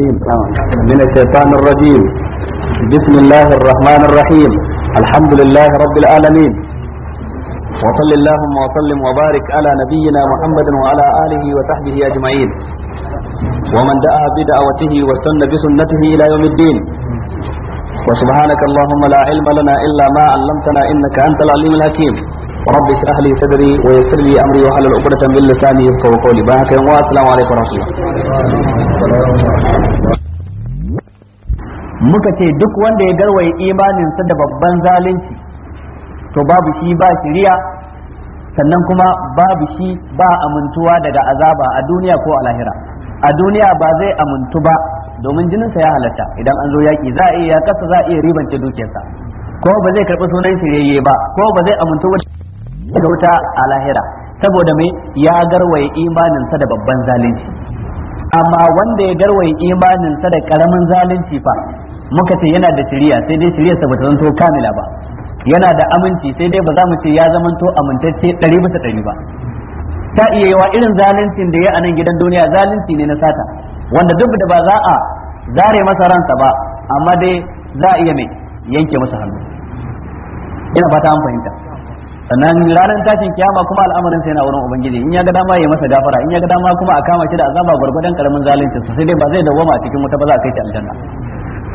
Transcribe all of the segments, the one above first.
من الشيطان الرجيم بسم الله الرحمن الرحيم الحمد لله رب العالمين وصل اللهم وسلم وبارك على نبينا محمد وعلى اله وصحبه اجمعين ومن دعا بدعوته واستنى بسنته الى يوم الدين وسبحانك اللهم لا علم لنا الا ما علمتنا انك انت العليم الحكيم رب اشرح لي صدري ويسر لي امري واحلل عقدة من لساني يفقهوا قولي بارك السلام عليكم ورحمه الله muka ce duk wanda ya garwaye imaninsa da babban zalunci to babu shi ba shiriya sannan kuma babu shi ba amintuwa daga azaba a duniya ko a lahira a duniya ba zai amintu ba domin jininsa ya halatta idan an zo yaki za a iya kasa za a iya ribance dukiyarsa ko ba zai karɓi sunan shiryayye ba ko ba zai amintu da wuta a lahira saboda mai ya garwaye imaninsa da babban zalunci amma wanda ya garwaye imaninsa da karamin zalunci fa muka ce yana da shiriya sai dai sa bata zanto kamila ba yana da aminci sai dai ba za mu ce ya zamanto amintacce ɗari bisa ɗari ba ta iya yawa irin zaluncin da ya a nan gidan duniya zalunci ne na sata wanda duk da ba za a zare masa ransa ba amma dai za a iya mai yanke masa hannu ina fata an fahimta sannan ranar tashin kiyama kuma al'amarin sai na wurin ubangiji in ya ga dama ya masa gafara in ya ga dama kuma a kama shi da azaba gwargwadon karamin zalunci sai dai ba zai dawwama a cikin wuta ba za a kai shi aljanna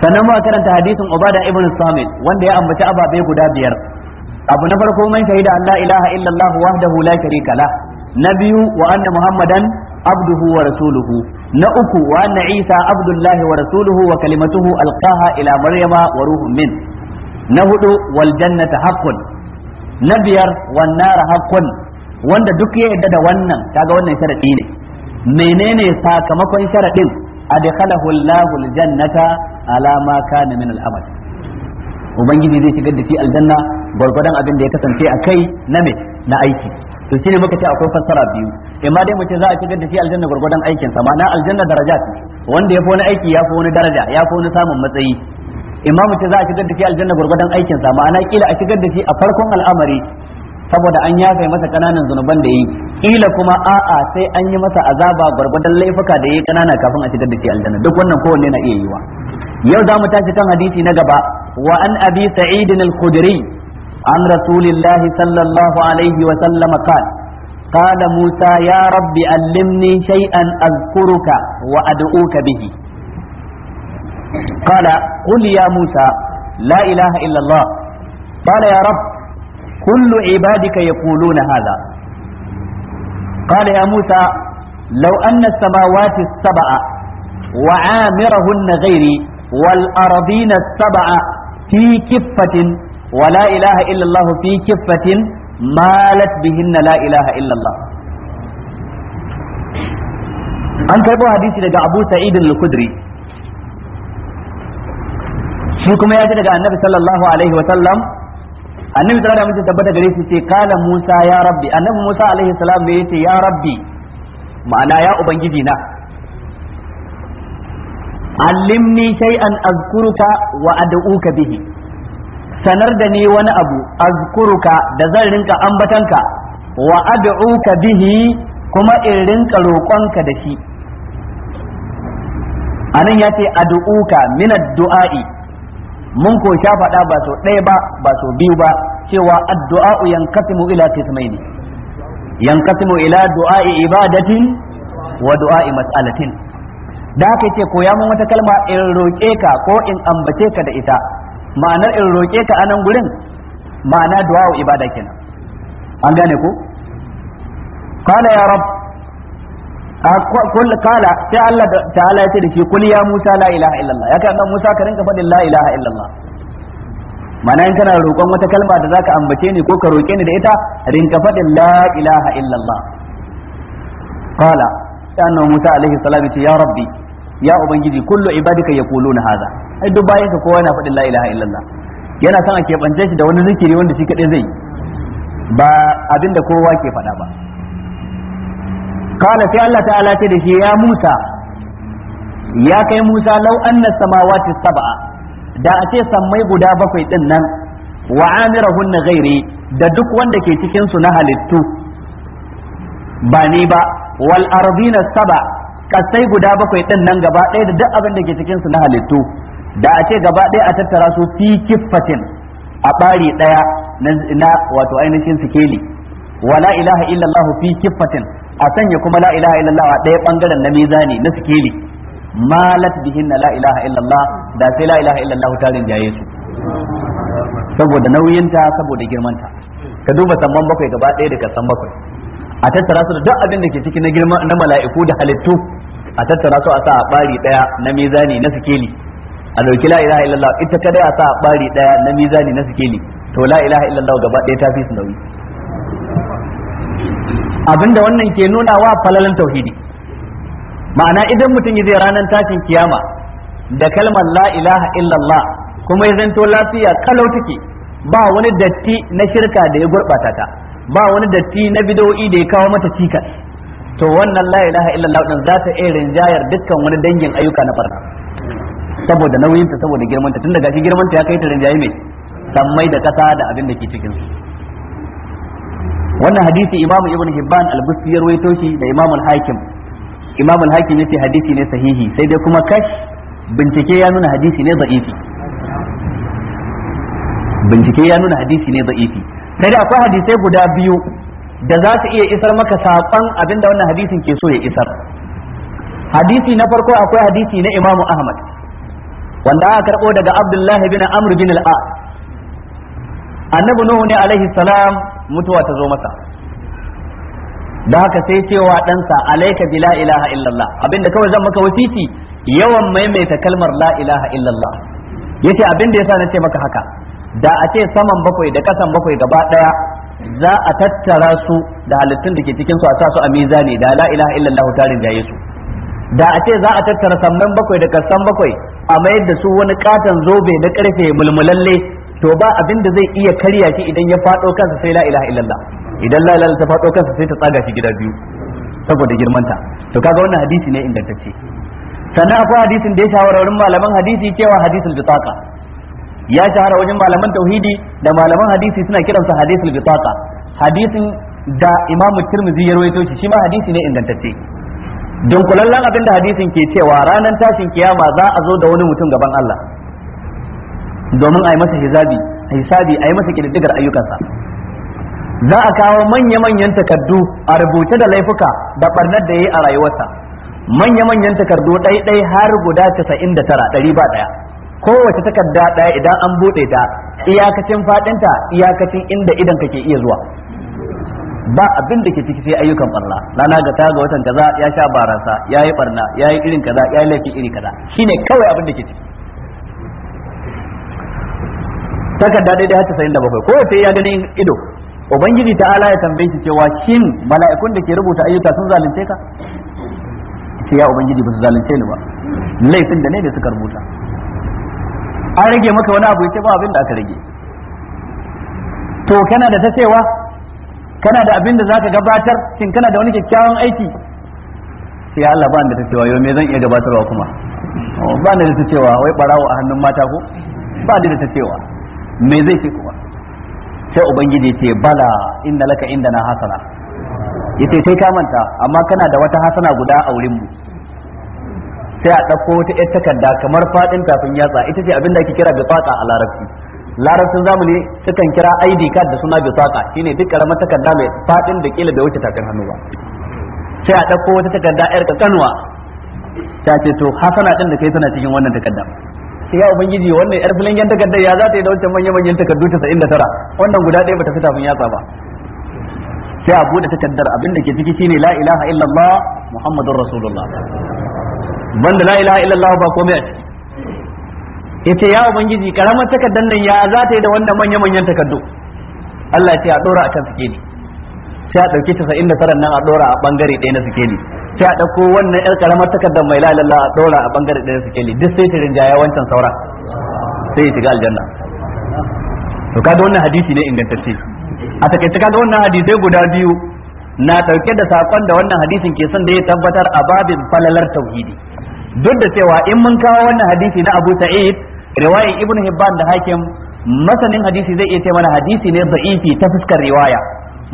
sannan muka karanta hadisin ubada ibn samit wanda ya ambaci ababe guda biyar abu na farko man shahida an la ilaha illallah wahdahu la sharika la na biyu wa anna muhammadan abduhu wa rasuluhu na uku wa anna isa abdullah wa rasuluhu wa kalimatuhu alqaha ila maryama wa ruhun min na hudu wal jannata haqqun na biyar wan nar haqqun wanda duk ya yadda da wannan kaga wannan sharadi ne menene sakamakon sharadin adkhalahu Allahu aljannata ala ma kana min al'amal ubangiji zai shigar da shi aljanna gwargwadon abin da ya kasance a kai na me na aiki to shine muka ce akwai fassara biyu amma dai mu ce za a shigar da shi aljanna gwargwadon aikin sa ma'ana aljanna daraja ce wanda ya fi wani aiki ya fi wani daraja ya fi wani samun matsayi amma mu ce za a shigar da shi aljanna gwargwadon aikin sa ma'ana kila a shigar da shi a farkon al'amari saboda an yafe masa kananan zunuban da yi kila kuma a'a sai an yi masa azaba gwargwadon laifuka da yi kanana kafin a shigar da shi aljanna duk wannan kowanne na iya yiwa yau za mu tashi kan hadisi na gaba wa an abi sa'id al-khudri an rasulillahi sallallahu alaihi wa sallam qala قال موسى يا رب علمني شيئا أذكرك وأدعوك به قال قل يا موسى لا إله إلا قال يا رب كل عبادك يقولون هذا قال يا موسى لو أن السماوات السبع وعامرهن غيري والأرضين السبع في كفة ولا إله إلا الله في كفة مالت بهن لا إله إلا الله an karɓo hadisi daga abu sa'id al-kudri shi kuma ya ji daga annabi sallallahu alaihi wa sallam annabi sallallahu alaihi wasallam tabbata gare shi ce kala Musa ya rabbi annabi Musa alaihi salam ne yace ya rabbi ma'ana ya ubangiji na allimni shay'an azkuruka wa ad'uka bihi sanar da ni wani abu azkuruka da zan rinka ambatanka wa ad'uka bihi kuma in rinka roƙonka da shi anan yace ad'uka min ad-du'a'i mun ko sha faɗa ba so ɗaya ba ba so biyu ba cewa addu'a'u yanqasimu ila qismaini yanqasimu ila du'a'i ibadatin wa du'a'i mas'alatin da ce ko koya mun wata kalma in roƙe ka ko in ambace ka da ita ma'anar in roƙe ka anan gurin ma'ana du'a'u ibada kenan an gane ko qala ya rabb kala sai Allah ta'ala ya ce da shi kul ya Musa la ilaha illallah ya kan Musa ka rinka faɗin la ilaha illallah mana in kana roƙon wata kalma da zaka ambace ni ko ka roƙe ni da ita rinka faɗin la ilaha illallah kala sai annabi Musa alaihi salam ya rabbi ya ubangiji kullu ibadika yaquluna hadha ai duk bayan ka kowa yana faɗin la ilaha illallah yana son a keɓance shi da wani zikiri wanda shi kaɗai zai yi ba abinda kowa ke faɗa ba kala sai Allah ta'ala ce da shi ya Musa ya kai Musa law anna samawati sab'a da a ce sammai guda bakwai din nan wa amirahunna ghairi da duk wanda ke cikin su na halittu ba ni ba wal ardina sab'a kasai guda bakwai din nan gaba ɗaya da duk abin da ke cikin su na halittu da a ce gaba ɗaya a tattara su fi kiffatin a bari ɗaya na wato ainihin sikeli wala ilaha illallah fi kiffatin a sanya kuma la ilaha illallah a ɗaya ɓangaren na mizani na sikeli malat bihin la ilaha illallah da sai la ilaha illallah ta rinjaye su saboda nauyinta saboda girmanta ka duba samman bakwai gaba ɗaya da kasan bakwai a tattara su da duk abin da ke ciki na girma na mala'iku da halittu a tattara su a sa a ɓari ɗaya na mizani na sikeli a ɗauki la ilaha illallah ita kadai a sa a ɓari ɗaya na mizani na sikeli to la ilaha illallah gaba ɗaya ta fi su nauyi abinda wannan ke nuna wa falalan tauhidi ma'ana idan mutum zai ranar tashin kiyama da kalmar la ilaha illallah kuma ya zanto lafiya kalau take ba wani datti na shirka da ya gurbata ta ba wani datti na bidowi da ya kawo mata cikas to wannan la ilaha illallah din za ta iya rinjayar dukkan wani dangin ayyuka na farka saboda nauyinta saboda girmanta tun gashi girmanta ya kai ta rinjaye mai sammai da kasa da abin da ke cikin su wannan hadisi imamu ibn hibban al-busti ya rawaito shi da imamu al-hakim imamu al-hakim yace hadisi ne sahihi sai dai kuma kash bincike ya nuna hadisi ne da'ifi bincike ya nuna hadisi ne da'ifi sai dai akwai hadisai guda biyu da za su iya isar maka saƙon abinda wannan hadisin ke so ya isar hadisi na farko akwai hadisi na imamu ahmad wanda aka karɓo daga abdullahi bin amr bin al a annabi nuhu ne alaihi salam mutuwa ta zo masa da haka sai cewa ɗansa alaika bi la ilaha illallah abinda kawai zan maka wasiti yawan maimaita kalmar la ilaha illallah yace abinda yasa nace maka haka da a ce saman bakwai da kasan bakwai gaba daya za a tattara su da halittun da ke cikin su a sa su a mizani da la ilaha illallah tarin da su da a ce za a tattara samman bakwai da kasan bakwai a mayar da su wani katon zobe na karfe mulmulalle to ba abin da zai iya karya shi idan ya fado kansa sai la ilaha illallah idan la ilaha ta fado kansa sai ta tsaga shi gida biyu saboda girmanta to kaga wannan hadisi ne ingantacce sannan akwai hadisin da ya shahara wurin malaman hadisi cewa hadisul bitaqa ya shahara wajen malaman tauhidi da malaman hadisi suna kiransa hadisul bitaqa hadisin da imamu tirmidhi ya rawaito shi shi ma hadisi ne ingantacce dunkulallen abin da hadisin ke cewa ranar tashin kiyama za a zo da wani mutum gaban Allah domin a yi masa hisabi hisabi a yi masa kididdigar ayyukansa za a kawo manya-manyan takardu a rubuce da laifuka da barnar da ya yi a rayuwarsa manya-manyan takardu ɗai-ɗai har guda casa'in da tara ɗari ba ɗaya kowace takarda ɗaya idan an buɗe ta iyakacin faɗinta iyakacin inda idan kake iya zuwa ba abin da ke ciki sai ayyukan barna rana ga ta ga watan kaza ya sha barasa ya yi barna ya yi irin kaza ya yi laifin iri kaza shine kawai abin da ke ciki takarda daidai har 97 ko sai ya gani ido ubangiji ta ala ya tambaye shi cewa shin mala'ikun da ke rubuta ayyuka sun zalunce ka sai ya ubangiji ba su zalunce ni ba laifin da ne ne suka rubuta an rage maka wani abu yake ba abin da aka rage to kana da ta cewa kana da abin da zaka gabatar shin kana da wani kyakkyawan aiki sai Allah ba da ta cewa yau me zan iya gabatarwa kuma ba ni da ta cewa wai barawo a hannun mata ko ba ni da ta cewa me zai ce kuma sai ubangiji ce bala inna laka na hasana yace sai ka manta amma kana da wata hasana guda a wurin mu sai a ɗauko wata ƴar takarda kamar faɗin tafin yatsa ita ce abinda ake kira bisaqa a larabci larabcin zamani sukan kira ID card da suna shi shine duk karamar takarda mai faɗin da kila bai wuce tafin hannu ba sai a ɗauko wata takarda ƴar kankanwa ta ce to hasana ɗin da kai tana cikin wannan takarda ce ya ubangiji wannan yar filingen takardar ya za ta yi da wancan manyan manyan takardu ta tara, wannan guda ɗaya bata fita mun yatsa ba sai a buɗe takardar abinda ke ciki shine la ilaha illallah muhammadur rasulullah banda la ilaha illallah ba komai a ciki yace ya ubangiji karamar takardar nan ya za ta yi da wannan manya manyan takardu Allah ya ce a dora kan suke ne sai a da tara nan a dora a bangare ɗaya na suke ne sai a ɗauko wannan yar karamar takardar mai lalala a ɗora a bangare ɗaya su keli duk sai ta rinjaya wancan saura sai ya shiga aljanna to kaga wannan hadisi ne ingantacce a takaice kaga wannan hadisai guda biyu na ɗauke da sakon da wannan hadisin ke son da ya tabbatar a babin falalar tauhidi duk da cewa in mun kawo wannan hadisi na Abu Sa'id riwayan ibnu Hibban da Hakim masanin hadisi zai iya ce mana hadisi ne da'ifi ta fuskar riwaya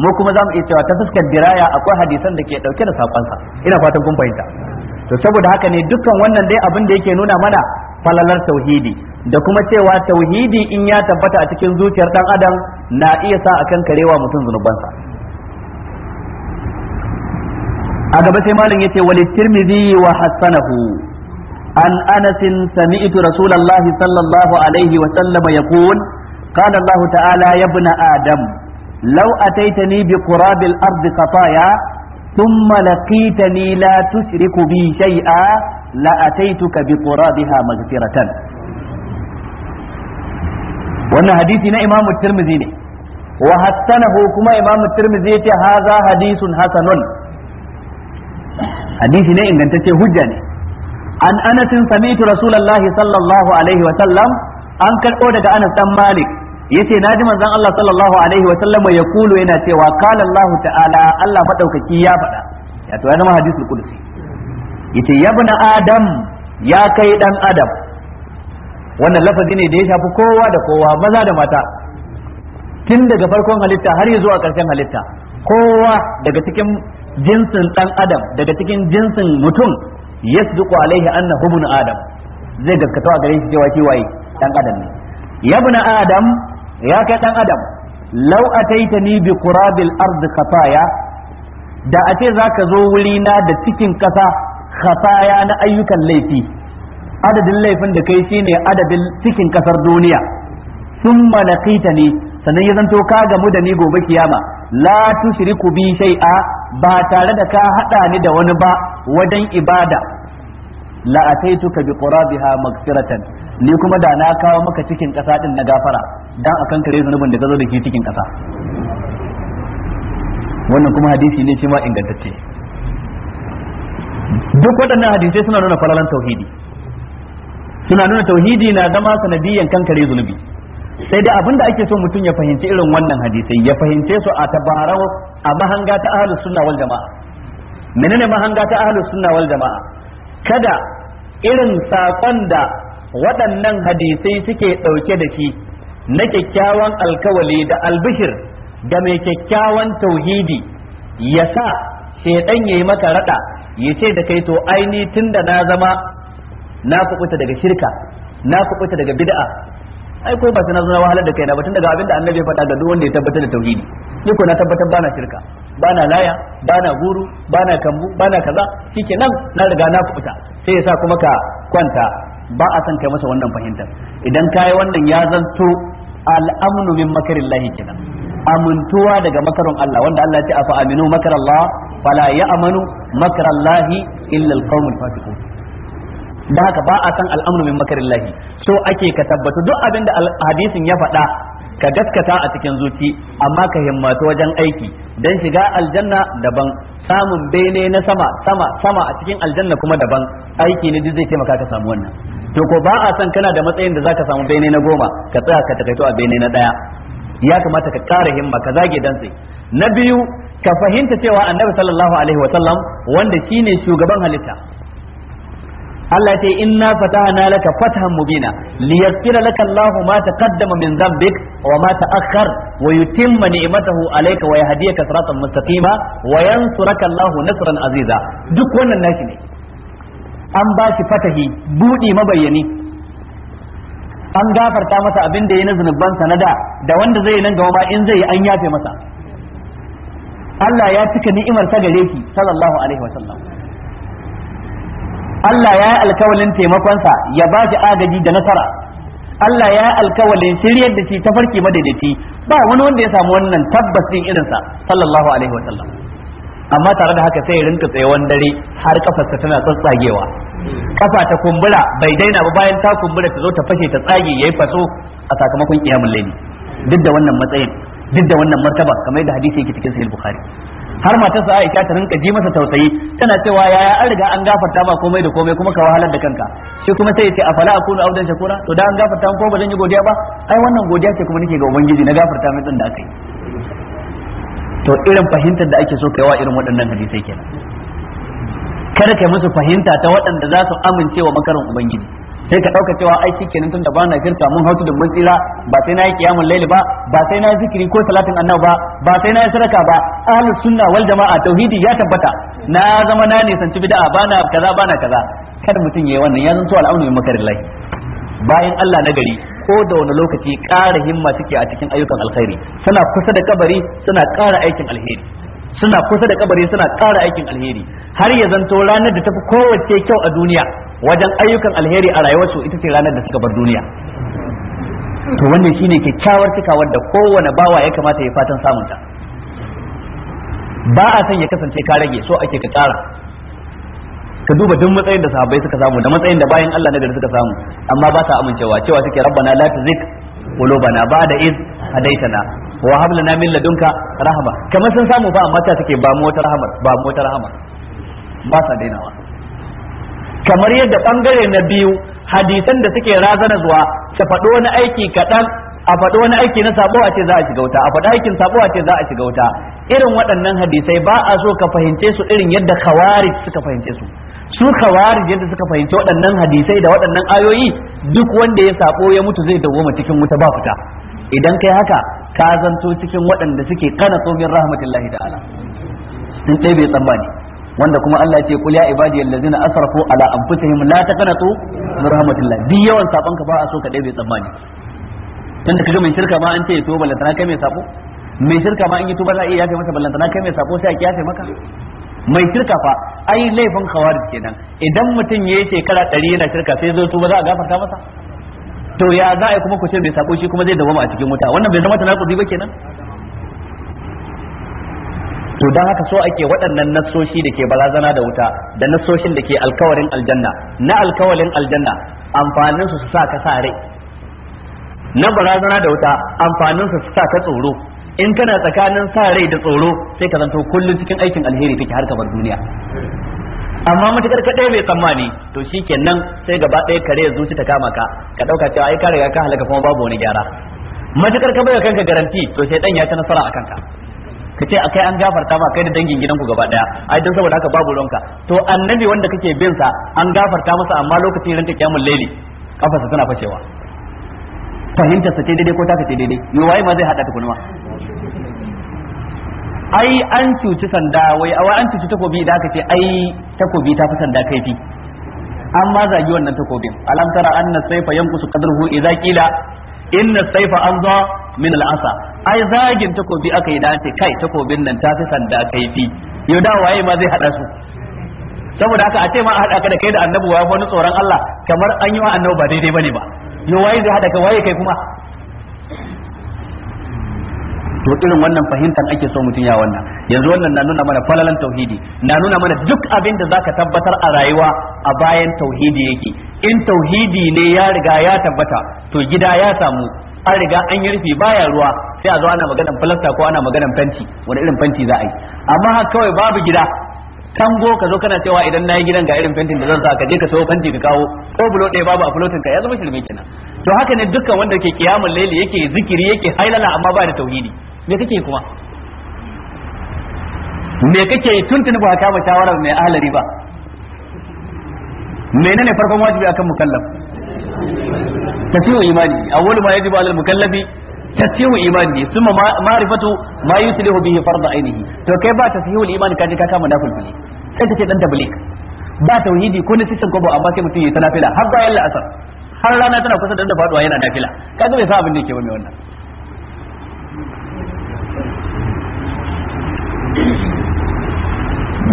mu kuma zamu iya cewa ta fuskar diraya akwai hadisan da ke dauke da sakonsa ina fatan kun fahimta to saboda haka ne dukkan wannan dai abin da yake nuna mana falalar tauhidi da kuma cewa tauhidi in ya tabbata a cikin zuciyar dan adam na iya sa akan karewa mutum zunubansa a gaba sai malam yace wal tirmidhi wa hasanahu an anas sami'tu rasulullahi sallallahu alaihi wa sallam yaqul qala allah ta'ala ya ibn adam law ataitani bi qurabil ardi qataya thumma laqitani la tushriku bi shay'a la ataituka bi qurabiha maghfiratan wannan hadisi na imamu tirmidhi ne wa hassanahu kuma imamu tirmidhi yace haza hadisun hasanun hadisi ne ingantacce hujja ne an anasin samitu rasulullahi sallallahu alaihi wa sallam an karɓo daga anas malik yace na ji manzon Allah sallallahu alaihi wa sallam ya kulu yana cewa qala Allah ta'ala Allah madaukaki ya faɗa ya to ya zama hadisul qudsi yace ya ibn adam ya kai dan adam wannan lafazi ne da ya shafi kowa da kowa maza da mata tun daga farkon halitta har zuwa karshen halitta kowa daga cikin jinsin dan adam daga cikin jinsin mutum yasduqu alaihi annahu ibn adam zai gaskata a gare shi cewa shi waye dan adam ne ya adam ya kai dan adam lau ataitani bi qurabil ard khataya da a ce zaka zo wuri na da cikin kasa khataya na ayyukan laifi adadin laifin da kai shine adadin cikin kasar duniya summa laqitani sannan ya to ka gamu da ni gobe kiyama la tushriku bi shay'a ba tare da ka hada ni da wani ba wajen ibada la ataituka bi qurabiha magfiratan ni kuma da na kawo maka cikin ƙasa ɗin na gafara dan kan kare zunubin da ka zo da ke cikin ƙasa. wannan kuma hadisi ne shi ingantacce duk waɗannan hadisai suna nuna falalan tauhidi suna nuna tauhidi na zama sanadiyan kare zunubi sai dai abinda ake so mutum ya fahimci irin wannan hadisai ya fahimce su a tabarau a mahanga ta ahlus sunna wal jama'a menene mahanga ta ahlus sunna wal jama'a kada irin sakon da waɗannan hadisai suke ɗauke da shi na kyakkyawan alkawali da albishir da mai kyakkyawan tauhidi ya sa shaidan ya yi maka raɗa ya ce da kai to aini tun da na zama na kuɓuta daga shirka na kuɓuta daga bid'a ai ko ba na zama wahalar da kaina ba tun daga abin da annabi ya faɗa ga duk wanda ya tabbatar da tauhidi ni ko na tabbatar bana shirka bana laya bana guru bana kambu bana kaza shikenan na riga na kuɓuta sai ya sa kuma ka kwanta ba a san kai masa wannan fahimtar idan kai wannan ya zanto al'amnu min makarillahi kenan amintuwa daga makaron Allah wanda Allah ya ce afa aminu makarallah fala ya'manu makarallahi illa alqaumul fasiqun da haka ba a san al'amnu min makarillahi so ake ka tabbata duk abin da hadisin ya faɗa ka gaskata a cikin zuci amma ka himmatu wajen aiki dan shiga aljanna daban samun bene na sama sama sama a cikin aljanna kuma daban aiki ne duk zai taimaka ka samu wannan to ko ba a san kana da matsayin da zaka samu bene na goma ka tsaya ka takaito a bene na daya ya kamata ka kara himma ka zage dantse na biyu ka fahimta cewa annabi sallallahu alaihi sallam wanda shine shugaban halitta Allah ya ce inna fatahna laka fathan mubina liyaghfira laka Allah ma taqaddama min dhanbik wa ma ta'akhkhar wa yutimma ni'matahu alayka wa yahdiyaka siratan mustaqima wa yansuraka Allah nasran aziza duk wannan naki ne an ba shi fatahi buɗi mabayyani an gafarta masa abin da ya na zunuban na da da wanda zai nan gaba in zai an yafe masa Allah ya cika ni'imar ta gare shi sallallahu alaihi wa sallam Allah ya yi alkawalin taimakonsa ya ba shi agaji da nasara Allah ya yi alkawalin shiryar da shi ta farki madaidaci ba wani wanda ya samu wannan tabbacin irinsa sallallahu alaihi wa sallam amma tare da haka sai ya rinka tsayawan dare har kafarsa tana tsatsagewa kafa ta kumbura bai daina ba bayan ta kumbura ta zo ta fashe ta tsage yayi faso a sakamakon iyamun layli duk da wannan matsayin duk da wannan martaba kamar yadda hadisi yake cikin sahih bukhari har matarsa Aisha ta rinka ji masa tausayi tana cewa yaya an riga an gafarta ba komai da komai kuma ka wahalar da kanka shi kuma sai ya ce afala akunu audan shakura to da an gafarta ko ba zan yi godiya ba ai wannan godiya ce kuma nake ga ubangiji na gafarta mai din da aka to irin fahimtar da ake so kai wa irin waɗannan hadisai kenan kada kai musu fahimta ta waɗanda za su amince wa makarin ubangiji sai ka ɗauka cewa ai kenan tun da ba na girka mun hautu da mun ba sai na yi kiyamun laili ba ba sai na yi zikiri ko salatin annabi ba ba sai na yi sadaka ba ahlus sunna wal jama'a tauhidi ya tabbata na zama na nisanci bid'a bana kaza bana kaza kada mutum yayi wannan ya zanto al'amru min makarin lahi bayan Allah na gari ko da wani lokaci ƙara himma suke a cikin ayyukan alkhairi suna kusa da kabari suna ƙara aikin alheri suna kusa da kabari suna ƙara aikin alheri har ya zanto ranar da tafi kowace kyau a duniya wajen ayyukan alheri a rayuwarsu ita ce ranar da suka bar duniya to wannan shine kyakkyawar cikawar da kowane bawa ya kamata ya fatan samunta ba a son ya kasance ka rage so ake ka ƙara ka duba duk matsayin da sahabbai suka samu da matsayin da bayan Allah na gari suka samu amma ba ta amincewa cewa suke rabbana la tuzik qulubana ba'da id hadaitana wa hab lana min ladunka rahma kamar sun samu fa amma ta suke ba mu wata rahama ba mu wata rahama ba sa dainawa kamar yadda bangare na biyu hadisan da suke razana zuwa ta faɗo na aiki kaɗan a faɗo wani aiki na sabo a ce za a shiga wuta a faɗi aikin sabo a ce za a shiga wuta irin waɗannan hadisai ba a so ka fahimce su irin yadda khawarij suka fahimce su su kawari yadda suka fahimci waɗannan hadisai da waɗannan ayoyi duk wanda ya sabo ya mutu zai dawoma cikin wuta ba fita idan kai haka ka zanto cikin waɗanda suke kana tsobin rahmatullahi ta'ala sun ɗaya bai tsammani wanda kuma Allah ya ce kul ya ibadi allazina asrafu ala anfusihim la taqnatu min rahmatillah duk yawan saban ka ba a so ka ɗaya bai tsammani da kaga mai shirka ma an ce ya to ballantana kai mai sabo mai shirka ma an yi tuba za a iya yafe masa ballantana kai mai sabo sai a kiyafe maka mai shirka fa ai laifin khawarij kenan idan mutum yayi shekara 100 yana shirka sai zo tuba za a gafarta masa to ya za a yi kuma ku ce mai sako shi kuma zai dawama a cikin wuta wannan bai zama ta tanakuzi ba kenan to dan haka so ake waɗannan nassoshi da ke barazana da wuta da nassoshin da ke alkawarin aljanna na alkawarin aljanna amfanin su su sa ka sa rai na barazana da wuta amfanin su su sa ka tsoro in kana tsakanin sa rai da tsoro sai ka zanto kullum cikin aikin alheri kake har ka bar duniya amma matakar ka bai tsammani to shi kenan sai gaba ɗaya kare ya zuci ta kama ka ka ɗauka cewa ai ka riga ka halaka kuma babu wani gyara matakar ka baiwa kanka garanti to sai ɗan ya ta nasara a kanka ka ce akai an gafarta ma kai da dangin gidanku gaba daya ai don saboda haka babu ronka to annabi wanda kake bin sa an gafarta masa amma lokacin ranta kiyamul laili kafarsa tana fashewa fahimtar sa ce daidai ko taka ce daidai yo waye ma zai hada ta kunuwa ai an cuci sanda wai awa an cuci takobi da aka ce ai takobi ta fi sanda kaifi an ma zagi wannan takobin alam tara anna sayfa yanqusu qadruhu idza qila inna sayfa anza min al'asa ai zagin takobi aka yi da ce kai takobin nan ta fi sanda kaifi yau da waye ma zai hada su saboda haka a ce ma a hada ka da kai da annabi wa wani tsoron Allah kamar an yi wa annabi ba daidai bane ba yau waye zai hada ka waye kai kuma to irin wannan fahimtar ake so mutum ya wannan yanzu wannan na nuna mana falalan tauhidi na nuna mana duk abin da zaka tabbatar a rayuwa a bayan tauhidi yake in tauhidi ne ya riga ya tabbata to gida ya samu an riga an yi rufi baya ruwa sai a zo ana maganan filasta ko ana maganan fenti wani irin fenti za a yi amma haka kawai babu gida tango ka zo kana cewa idan na yi gidan ga irin fentin da zan sa ka je ka sayo fenti ka kawo ko bulo ɗaya babu a fulotin ka ya zama shirme kenan to haka ne dukkan wanda ke kiyamun laili yake zikiri yake hailala amma ba da tauhidi me kake kuma me kake tuntuni ba ka ba shawarar mai ahlari ba menene farkon wajibi akan mukallaf tasiyu imani awwalu ma yajibu alal mukallafi tasiyu imani summa ma'rifatu ma yuslihu bihi fardu ainihi to kai ba tasiyu imani kaje ka kama nafil bi sai take dan tabligh ba tauhidi ko nasisin ko ba amma sai mutum yayi tanafila har yalla Asar. har rana tana kusa da faduwa yana nafila kaga bai sa abin da yake ba mai wannan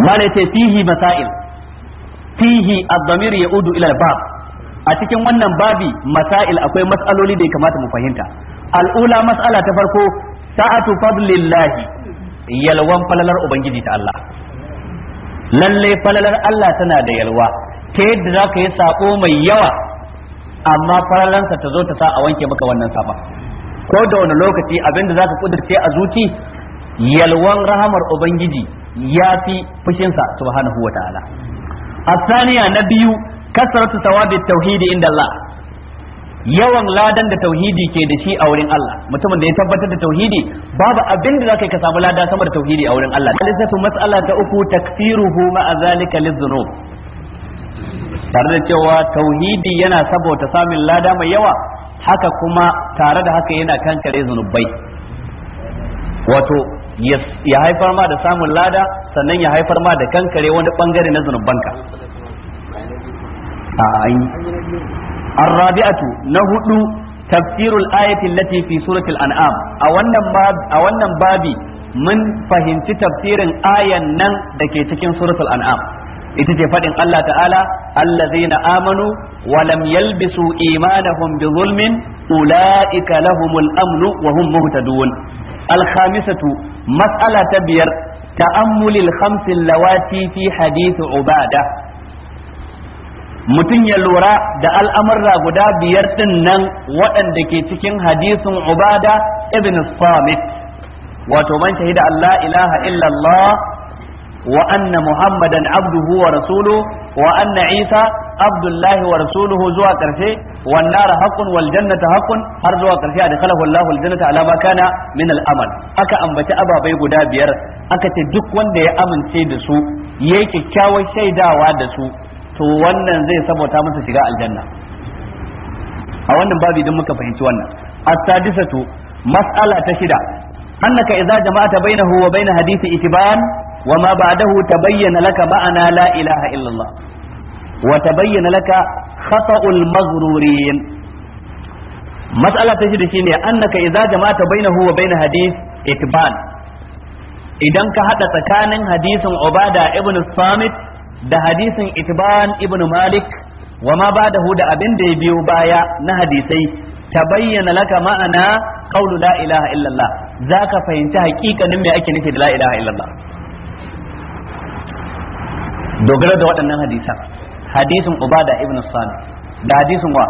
mana yace fihi masail fihi ad-damir ya'udu ila al-bab a cikin wannan babi masail akwai mas'aloli da ya kamata mu fahimta al'ula mas'ala ta farko sa'atu fadlillahi yalwan falalar ubangiji ta Allah lalle falalar Allah tana da yalwa ta yadda za ka yi sako mai yawa amma falalansa ta zo ta sa a wanke maka wannan saba ko da wani lokaci abinda za ka kudurce a zuci yalwan rahamar ubangiji ya fi fushinsa subhanahu wa ta'ala asaniya na biyu kasratu tawabi tauhidi inda Allah yawan ladan da tauhidi ke da shi a wurin Allah mutumin da ya tabbatar da tauhidi babu abin da zaka ka samu lada sama da tauhidi a wurin Allah alisatu mas'ala ta uku takfiruhu ma azalika lizunub tare da cewa tauhidi yana saboda samun lada mai yawa haka kuma tare da haka yana kankare zunubai wato ya haifar ma da samun lada sannan ya haifar ma da kankare wani bangare na zunubanka arrabi'atu na hudu tafsirul ayati allati fi suratul an'am a wannan a wannan babi mun fahimci tafsirin ayan nan dake cikin suratul an'am ita ce fadin Allah ta'ala allazina amanu wa lam yalbisu imanahum bi zulmin ulaika lahumul amnu wa hum muhtadun alkhamisatu matsala ta biyar ta'ammulil khamsil lawati fi hadith ubada mutum ya lura da al'amurra guda biyar ɗin nan waɗanda ke cikin hadisin ubada ibn samit wato man shahida Allah ilaha illallah وأن محمدا عبده ورسوله وأن عيسى عبد الله ورسوله زوا كرفي والنار حق والجنة حق هر زوا كرفي أدخله الله الجنة على ما كان من الأمل أكا أنبت أبا بي قدا بير أكا تدك وان دي أمن سيدسو يكي كاوي سيدا وادسو to wannan zai sabota masa shiga aljanna a wannan babu idan muka fahimci wannan as-sadisatu mas'ala ta shida annaka idza jama'ata bainahu wa bain hadithi itiban wa ma ba'dahu tabayyana laka ma'ana la ilaha illallah wa tabayyana laka khata'ul maghrurin mas'ala ta shi shine annaka iza, jama'ta bainahu wa bain hadith itban idan ka haɗa tsakanin hadisin Obada, Ibnu samit da hadisin itban Ibnu malik wa ma ba'dahu da abin da ya biyo baya na hadisai ta tabayyana laka ma'ana qawlu la ilaha illallah zaka fahimci hakikanin me ake nufi da la ilaha illallah dogara da waɗannan hadisan hadisin da ibn Sani da hadisin wa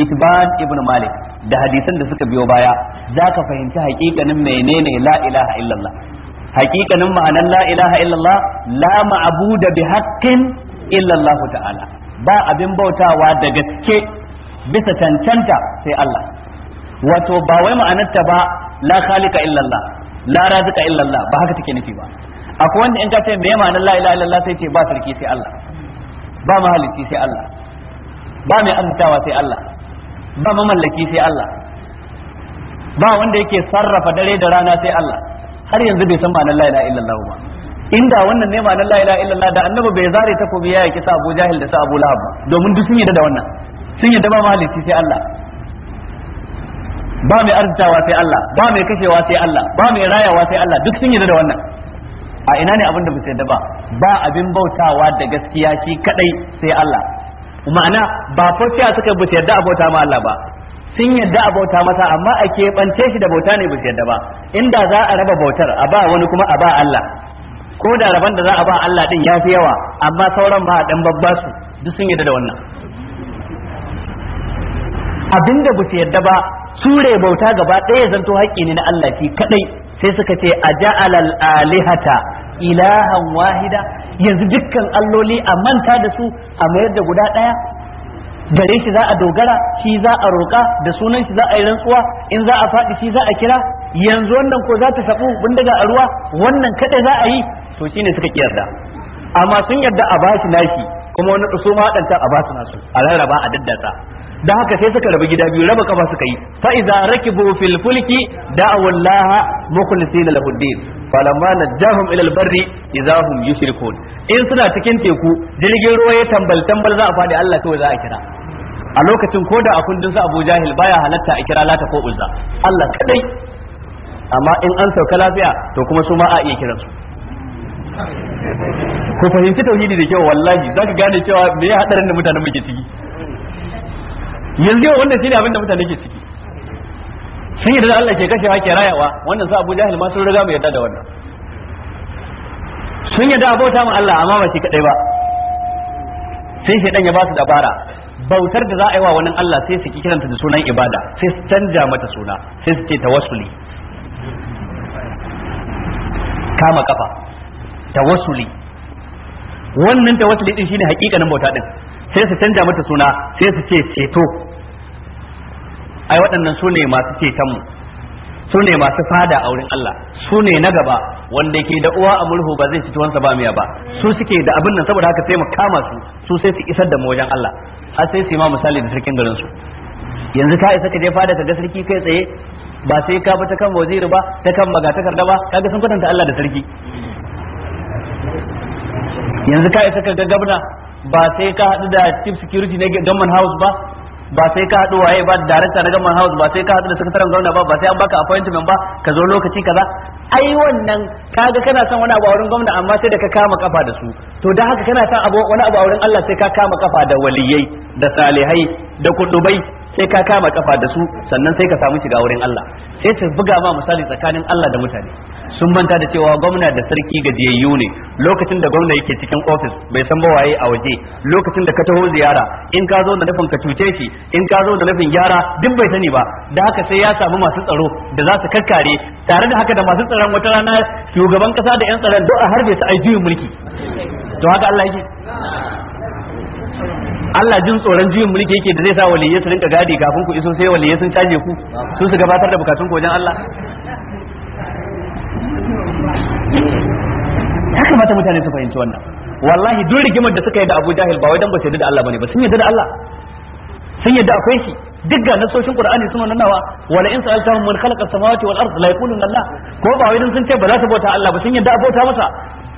itban ibn malik da hadisan da suka biyo baya za ka fahimci haƙiƙanin menene la ilaha illallah Haƙiƙanin ma'anar la ilaha illallah la ma'abuda bi haƙƙin illallahu ta'ala ba abin bautawa da gaske bisa cancanta sai Allah wato ba wai ma'anarta ba la khalika illallah la razika illallah ba haka take nufi ba akwai wanda in ka ce me ma'anar la ilaha illallah sai ce ba sarki sai Allah ba mahalicci sai Allah ba mai arzikawa sai Allah ba mamallaki sai Allah ba wanda yake sarrafa dare da rana sai Allah har yanzu bai san ma'anar la ilaha illallah ba inda wannan ne ma'anar la ilaha illallah da annabi bai zare ta takobi ya yaki sa Abu Jahil da sa Abu Lahab domin duk sun yarda da wannan sun yarda ba mahalicci sai Allah ba mai arzikawa sai Allah ba mai kashewa sai Allah ba mai rayawa sai Allah duk sun yarda da wannan a ina ne abin da ba yadda ba ba abin bautawa da gaskiya shi kadai sai Allah ma'ana ba farfiya suka bisa yadda a bauta ma Allah ba sun yadda a bauta masa amma a keɓance shi da bauta ne ba yadda ba inda za a raba bautar a ba wani kuma a ba Allah ko da raban da za a ba Allah din ya fi yawa amma sauran ba a dan babba su duk sun yadda da wannan abinda bisa yadda ba sure bauta gaba ɗaya zanto haƙƙi ne na Allah shi kadai sai suka ce a ja'alal alihata ilahan wahida yanzu dukkan alloli a manta da su a mayar da guda ɗaya gare shi za a dogara shi za a roƙa da sunan shi za a yi rantsuwa in za a faɗi shi za a kira yanzu wannan ko za ta saɓu bindiga a ruwa wannan kaɗai za a yi to ne suka yarda amma sun yarda a bashi nashi kuma wani ɗusu waɗanta a basu nasu a rarraba a daddasa da haka sai suka rabu gida biyu raba kafa suka yi fa iza rakibu fil fulki da'u allaha mukhlisin lahu din falamma najahum ila al barri iza hum yushrikun in suna cikin teku jirgin ruwa ya tambal tambal za a fadi Allah kawai za a kira a lokacin ko da a kundin su Abu Jahil baya halatta a kira lata ko uzza Allah kadai amma in an sauka lafiya to kuma su ma a iya kiransu ku fahimci tauhidi da kyau wallahi zaka gane cewa me ya hadarin da mutanen muke ciki yanzu yau wannan shine abin da mutane ke ciki sun yi da Allah ke kashewa ke rayawa wannan su Abu Jahil ma sun riga mu yarda da wannan sun yarda abota ma Allah amma ba shi kadai ba sai shaidan ya ba su dabara bautar da za a yi wa wannan Allah sai su ki kiranta da sunan ibada sai su canja mata suna sai su ce tawassuli kama kafa tawassuli wannan tawassuli din shine hakikanin bauta din sai su canja mata suna sai su ce ceto ai waɗannan su ne masu cetonmu su ne masu fada a wurin Allah su ne na gaba wanda ke da uwa a murhu ba zai ci tuwansa ba miya ba su suke da abin nan saboda haka sai mu kama su su sai su isar da mu wajen Allah har sai su ma misali da sarkin garin su yanzu ka isa ka je fada ka ga sarki kai tsaye ba sai ka bi ta kan waziri ba ta kan magatakarda ba kaga sun kwatanta Allah da sarki yanzu ka isa ka ga gabna ba sai ka hadu da chief security na government house ba ba sai ka haɗu waye ba darakta na gaman house ba sai ka haɗu da sakataren gwamna ba ba sai an baka appointment ba ka zo lokaci kaza ai wannan kaga kana son wani abu a wurin gwamna amma sai da ka kama kafa da su to da haka kana son abu wani abu a wurin Allah sai ka kama kafa da waliyyai da salihai da kudubai sai ka kama kafa da su sannan sai ka samu shiga wurin Allah sai ta buga ma misali tsakanin Allah da mutane sun manta da cewa gwamna da sarki gajiyayyu ne lokacin da gwamna yake cikin ofis bai san ba waye a waje lokacin da ka taho ziyara in ka zo da nufin ka cuce shi in ka zo da nufin gyara duk bai sani ba da haka sai ya samu masu tsaro da za su kakkare tare da haka da masu tsaron wata rana shugaban kasa da yan tsaron duk a harbe su ajiyin mulki to haka Allah yake Allah jin tsoron juyin mulki yake da zai sa waliyyai su rinka gadi kafin ku iso sai waliyyai sun caje ku su su gabatar da bukatun ku wajen Allah ya kamata mutane su fahimci wannan wallahi duk rigimar da suka yi da Abu Jahil ba wai dan ba su yarda da Allah bane ba sun yi da Allah sun da akwai shi duk ga nasoshin Qur'ani suna wa? wala in sa'altahum man khalaqa samawati wal ard la yaquluna Allah ko ba wai dan sun ce ba za su bauta Allah ba sun da abota masa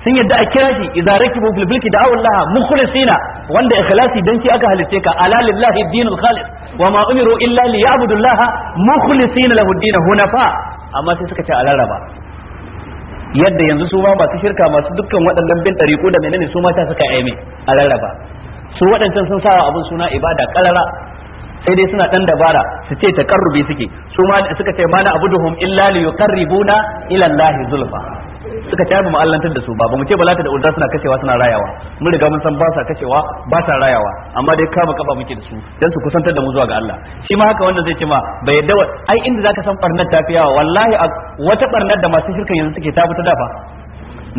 sun yadda a kira shi idza rakibu fil bilki da Allah mukhlisina wanda ikhlasi dan shi aka halice ka ala lillahi dinul khalis wa ma umiru illa liya'budu Allah mukhlisina lahu din hunafa amma sai suka ce alaraba yadda yanzu su ma masu shirka masu dukkan waɗannan bin ɗariƙo da menene su ma ta suka aime a rarraba su waɗancan sun sawa abin suna ibada ƙarara sai dai suna ɗan dabara su ce ta karrubi suke su ma suka ce mana abuduhum illa li yuqarribuna ila Allah zulfa suka tayi mu'allantar da su ba mu ce lata da ulda suna kashewa suna rayawa mun riga mun san ba sa kashewa ba sa rayawa amma dai kama kafa muke da su dan su kusantar da mu zuwa ga Allah shi ma haka wanda zai ce ma bai yadda ai inda zaka san barnar tafiya. wallahi wata barnar da masu shirkan yanzu suke ta fita dafa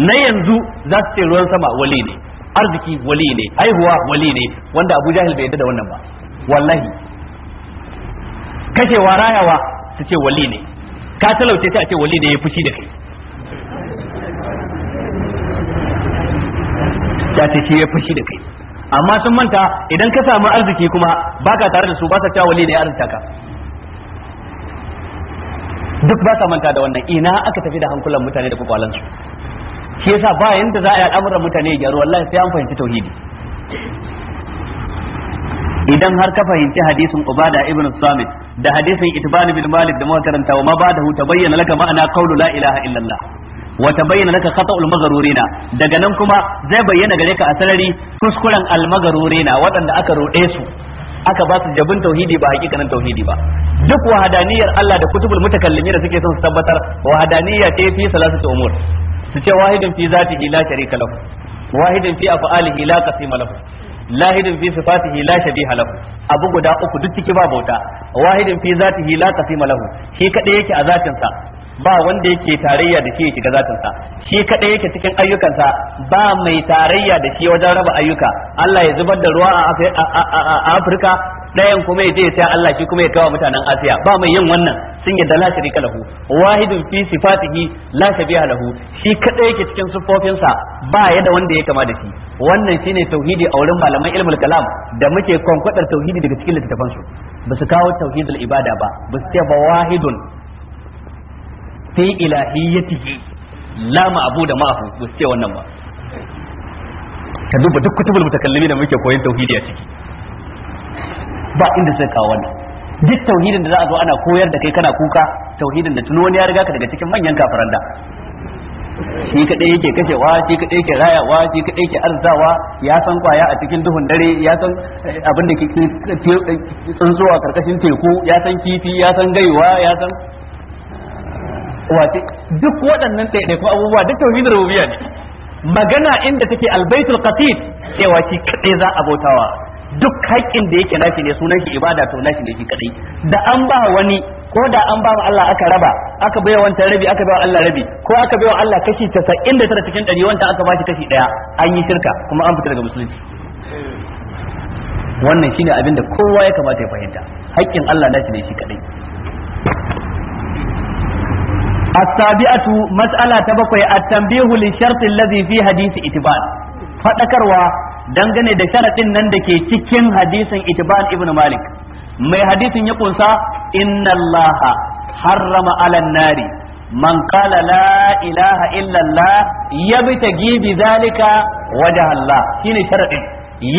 na yanzu za su ce ruwan sama wali ne arziki wali ne aihuwa wali ne wanda Abu Jahil bai yadda da wannan ba wallahi kashewa rayawa su ce wali ne ka talauce sai a ce wali ne ya fushi da kai ta ce shi ya fushi da kai amma sun manta idan ka samu arziki kuma baka tare da su ba sa cewa wali ne arzuta ka duk ba sa manta da wannan ina aka tafi da hankulan mutane da kwakwalansu shi yasa ba yanda za a yi al'amuran mutane ya gyaru wallahi sai an fahimci tauhidi idan har ka fahimci hadisin ubada ibn samit da hadisin itban bin malik da muka karanta wa ma ba da hu tabayyana laka ma'ana qawlu la ilaha illallah wa tabayyana laka khata'ul magharurina daga nan kuma zai bayyana gare ka a sarari kuskuren almagarurina waɗanda aka ruɗe su aka ba su jabin tauhidi ba nan tauhidi ba duk wahadaniyar Allah da kutubul mutakallimi da suke son su tabbatar wahadaniyya ce fi salasatu umur su ce wahidin fi zatihi la sharika lahu wahidin fi af'alihi la qasima lahu lahidin fi sifatihi la shabiha lahu abu guda uku duk ciki ba bauta wahidin fi shi kadai yake a zatin ba wanda yake tarayya da shi ya shiga sa shi kadai yake cikin ayyukansa ba mai tarayya da shi wajen raba ayyuka Allah ya zubar da ruwa a Afirka dayan kuma ya je sai Allah shi kuma ya kawo mutanen Asiya ba mai yin wannan sun yadda la sharika lahu wahidun fi sifatihi la shabiha lahu shi kadai yake cikin siffofinsa ba ya da wanda ya kama da shi wannan shine tauhidi a wurin malaman ilmul kalam da muke kwankwadar tauhidi daga cikin littattafansu ba su kawo tauhidul ibada ba ba su ce ba wahidun fi ilahiyyatihi la ma'bud ma'ahu ba su ce wannan ba ka duba duk kutubul mutakallimi da muke koyon tauhidi a ciki ba inda sai kawo wannan duk tauhidin da za a zo ana koyar da kai kana kuka tauhidin da tuno wani ya riga ka daga cikin manyan kafiran da shi kadai yake kashewa shi kadai yake rayawa shi kadai yake arzawa ya san kwaya a cikin duhun dare ya san abin da ke tsuntsuwa karkashin teku ya san kifi ya san gaiwa ya san wace duk waɗannan ko abubuwa duk tauhidin rububiyya ne magana inda take albaitul qasid cewa shi kadai za a bautawa duk haƙƙin da yake nashi ne sunan shi ibada to nashi ne shi kadai da an ba wani ko da an ba Allah aka raba aka bai wancan rabi aka bai Allah rabi ko aka bai Allah kashi 99 cikin 100 wanda aka bashi kashi daya an yi shirka kuma an fita daga musulunci wannan shine abin da kowa ya kamata ya fahimta haƙƙin Allah nashi ne shi kadai as-sabi'atu mas'ala ta bakwai at-tanbihu li sharti allazi fi hadisi itiban fadakarwa dangane da sharadin nan da ke cikin hadisin itiban ibn malik mai hadisin ya kunsa inna allaha harrama ala nari man qala la ilaha illa allah yabtagi bi zalika wajha allah shine sharadin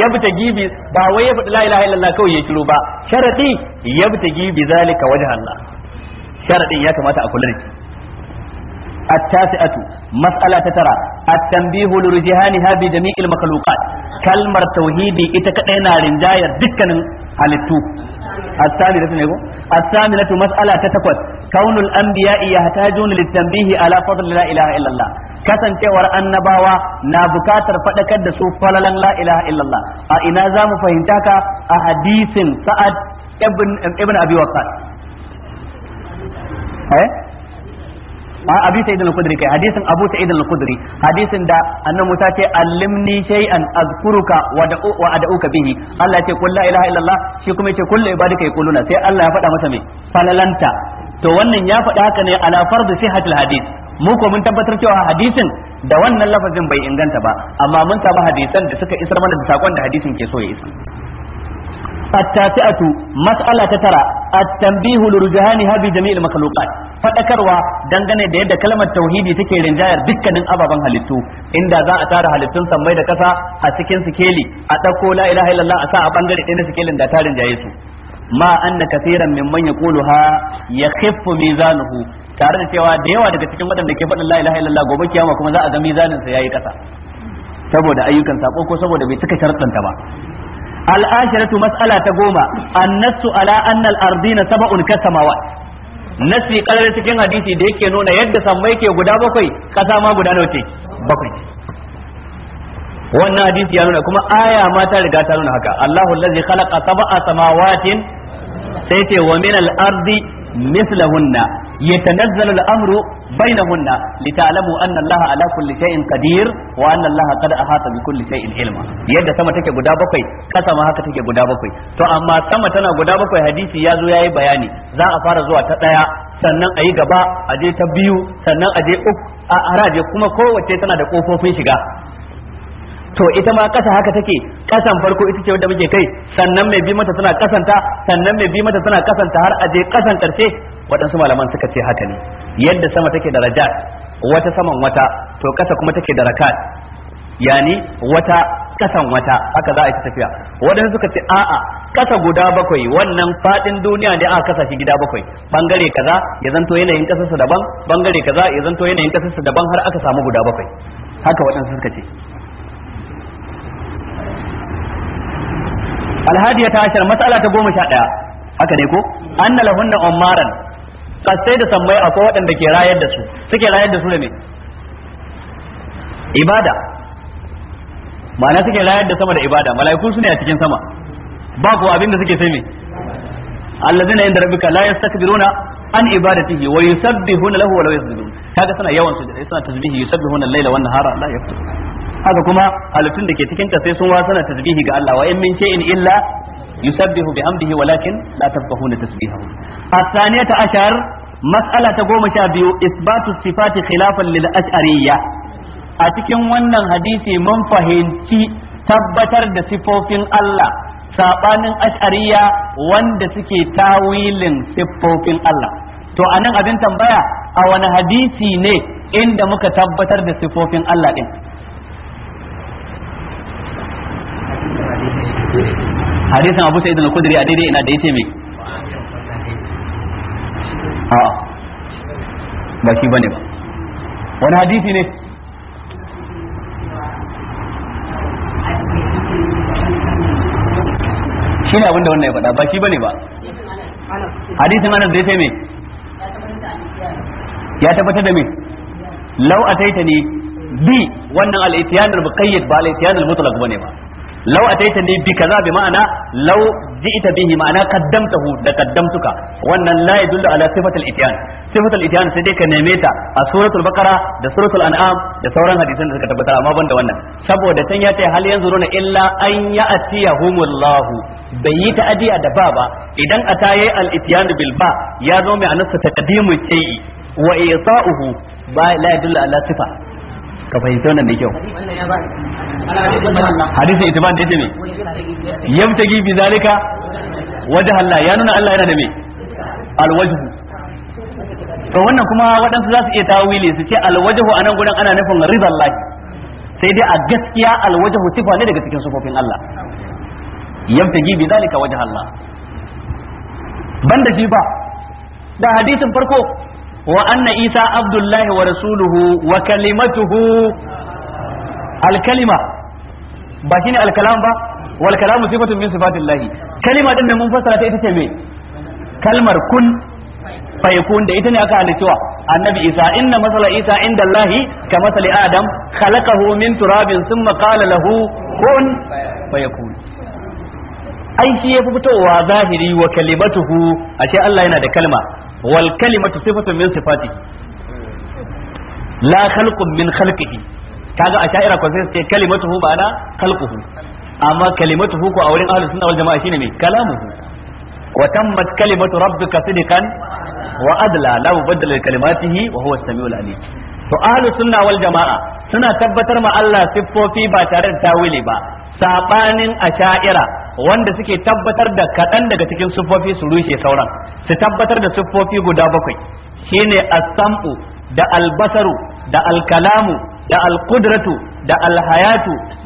ya bi ta gibi ba wai ya faɗi la ilaha illallah kawai ya shiru ba sharadi ya bi ta gibi zalika wajh Allah sharadin ya kamata a kula da shi التاسعة مسألة ترى التنبيه لرجهانها بجميع المخلوقات كلمة توحيدي إتكتنا رنجاية دكا halittu الثامنة نيكو الثامنة مسألة تتكوت كون الأنبياء يحتاجون للتنبيه على فضل لا إله إلا الله kasancewar annabawa na bukatar faɗakar da su falalan la ilaha illallah a ina za mu fahimta ka a hadisin sa'ad ibn abi waqas eh a abi sa'id al-khudri kai hadisin abu sa'id al-khudri hadisin da annabi Musa ce allimni shay'an azkuruka wa da'u wa ad'uka bihi Allah ya ce kullu ilaha illallah shi kuma ya ce kullu ibadika yaquluna sai Allah ya faɗa masa me falalanta to wannan ya faɗa haka ne ala fardu sihhatil hadith mu ko mun tabbatar cewa hadisin da wannan lafazin bai inganta ba amma mun samu hadisan da suka isar mana da sakon da hadisin ke so ya isar التاسعة مسألة ترى التنبيه لرجحان هذه جميع المخلوقات fadakarwa dangane da yadda kalmar tauhidi take rinjayar dukkanin ababen halittu inda za a tara halittun sammai da kasa a cikin sikeli a ɗauko la ilaha illallah a sa a bangare ɗaya na sikelin da ta rinjaye su ma anna kaseeran mimman yaquluha yakhiffu mizanuhu tare da cewa da yawa daga cikin waɗanda ke faɗin la ilaha illallah gobe kiyama kuma za a ga mizaninsa sa yayi kasa saboda ayyukan sako ko saboda bai cika sharɗanta ba al'ashiratu mas'ala ta goma annasu ala anna al-ardina sab'un kasamawat nasi kalar cikin hadisi da yake nuna yadda sammai ke guda bakwai kasa ma guda nawa bakwai wannan hadisi ya nuna kuma aya ma ta riga ta nuna haka Allahu allazi khalaqa sab'a samawatin sai wa min al-ardi Misla hunna, يتنزل الأمر بينهن لتعلموا أن الله على كل شيء قدير وأن الله قد أحاط بكل شيء ilma. yadda sama take guda bakwai kasa ma haka take guda bakwai to amma sama tana guda bakwai hadisi ya zo ya yi bayani za a fara zuwa ta ɗaya, sannan a yi gaba a je ta biyu sannan a je uku a araje kuma kowace tana da kofofin shiga to ita ma ƙasa haka take ƙasan farko ita ce wadda muke kai sannan mai bi mata tana kasanta sannan mai bi mata tana kasanta har aje ƙasan ƙarshe waɗansu malaman suka ce haka ne yadda sama take da rajat wata saman wata to ƙasa kuma take da rakat yani wata ƙasan wata haka za a yi tafiya waɗansu suka ce a'a ƙasa guda bakwai wannan faɗin duniya ne aka kasa shi gida bakwai bangare kaza ya zanto yanayin kasarsa daban bangare kaza ya zanto yanayin kasarsa daban har aka samu guda bakwai haka waɗansu suka ce alhadiya ta ashar mas'ala ta goma sha ɗaya haka ne ko anna lahunna ummaran kasai da sammai akwai waɗanda ke rayar da su suke rayar da su da me ibada ma'ana suke rayar da sama da ibada mala'iku su ne a cikin sama ba ko abin da suke sai me allazina inda rabbika la yastakbiruna an ibadatihi wa yusabbihuna lahu wa la yasjudun kaga suna yawan su suna tasbihi yusabbihuna al-laila wan nahara la yaftu haka kuma halittun da ke cikin ta sai sun wasana tasbihi ga Allah wa in min shay'in illa yusabbihu bihamdihi walakin la tafqahuna tasbihahu الثانية عشر sifati isbatu sifati khilafan lil ash'ariyya A cikin wannan hadisi mun fahimci tabbatar da sifofin Allah saɓanin ashariya wanda suke tawilin sifofin Allah to anan abin tambaya a wani hadisi ne inda muka tabbatar da sifofin Allah ɗin hadisin abu sa'id al-khudri a daidai ina da yace me a ba shi bane ba wani hadisi ne shi ne abinda wannan ya faɗa ba shi bane ba hadisin anas da yace me ya tabbatar da me lau taita ne bi wannan al-ityan al ba al-ityan al-mutlaq bane ba law ataitani bi kaza bi ma'ana law ji'ta bihi ma'ana qaddamtahu da qaddamtuka wannan la yadullu ala sifatil ityan sifatul ityan sai dai ka neme ta a suratul baqara da suratul an'am da sauran hadisan da suka tabbatar amma banda wannan saboda can ya ce hal yanzuruna illa an ya'tiyahumullahu bai yi ta'adiya da ba ba idan ataye al-ityan bil ba ya zo mai anasta ta shay'i wa ita'uhu ba la yadullu ala sifa ka fahimci wannan da kyau hadisin itiban da yake me Yamtagi bi zalika wajh Allah ya nuna Allah yana da me alwajh to wannan kuma waɗansu za su iya tawili su ce a anan gudan ana nufin ridallahi sai dai a gaskiya alwajh sifa ne daga cikin sufofin Allah Yamtagi bi zalika wajh Allah banda shi ba da hadisin farko wa anna isa abdullahi wa rasuluhu wa kalimatuhu alkalima ba shine alkalam ba wal kalamu sifatun min sifatillahi kalima din da mun fassara ta ita ce me kalmar kun fayakun da ita ne aka halittuwa annabi isa inna masala isa inda allahi ka masali adam khalaqahu min turabin sun qala lahu kun zahiri wa ashe Allah yana da kalma wal kalimatu sifatun min sifatihi la khalqun min khalqihi kaga a sha'ira ko sai ce kalimatuhu ba na khalquhu amma kalimatuhu ko a wurin ahlus sunna wal jama'a shine me kalamuhu wa tammat kalimatu rabbika sidqan wa adla la mubaddala li kalimatihi wa huwa as-sami'ul alim to ahlus wal jama'a suna tabbatar ma Allah siffofi ba tare da tawili ba sabanin asha'ira wanda suke tabbatar da kaɗan daga cikin siffofi su rushe sauran su tabbatar da siffofi guda bakwai shine as-sam'u da albasaru da alkalamu da al-qudratu da al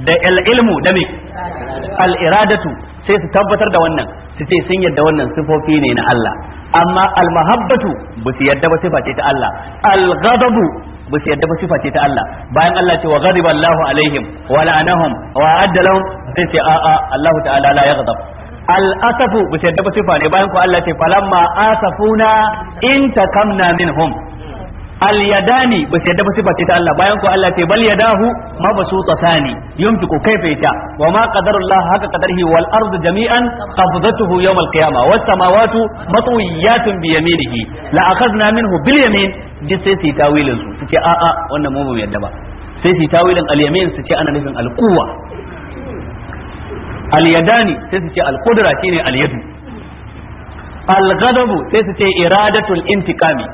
da al-ilmu da me al-iradatu sai su tabbatar da wannan su ce sun yarda wannan siffofi ne na Allah amma al-mahabbatu ba su ba sifa ce ta Allah al-ghadabu ba su yadda ba sifa ce ta Allah bayan Allah ce wa ghadiba Allahu alaihim wa la'anahum wa adda lahum sai ce a a Allah ta'ala la yaghdab al-asafu ba su yadda ba sifa ne bayan ku Allah ce falamma asafuna in takamna minhum al-yadani ba sai da ba sifa ta Allah bayan ku Allah ce bal yadahu ma basutatani yumtiku kayfa yata wa ma qadarullah haka qadarhi wal ardu jami'an qabdatuhu yawm al-qiyamah was samawati matwiyatun bi yaminihi la akhadna minhu bil yamin duk sai su yi tawilin su su ce a'a wannan mu ba yadda ba sai su yi tawilin al-yamin su ce ana nufin al-quwwa al-yadani sai su ce al-qudra shine al-yadu al-ghadabu sai su ce iradatul intiqami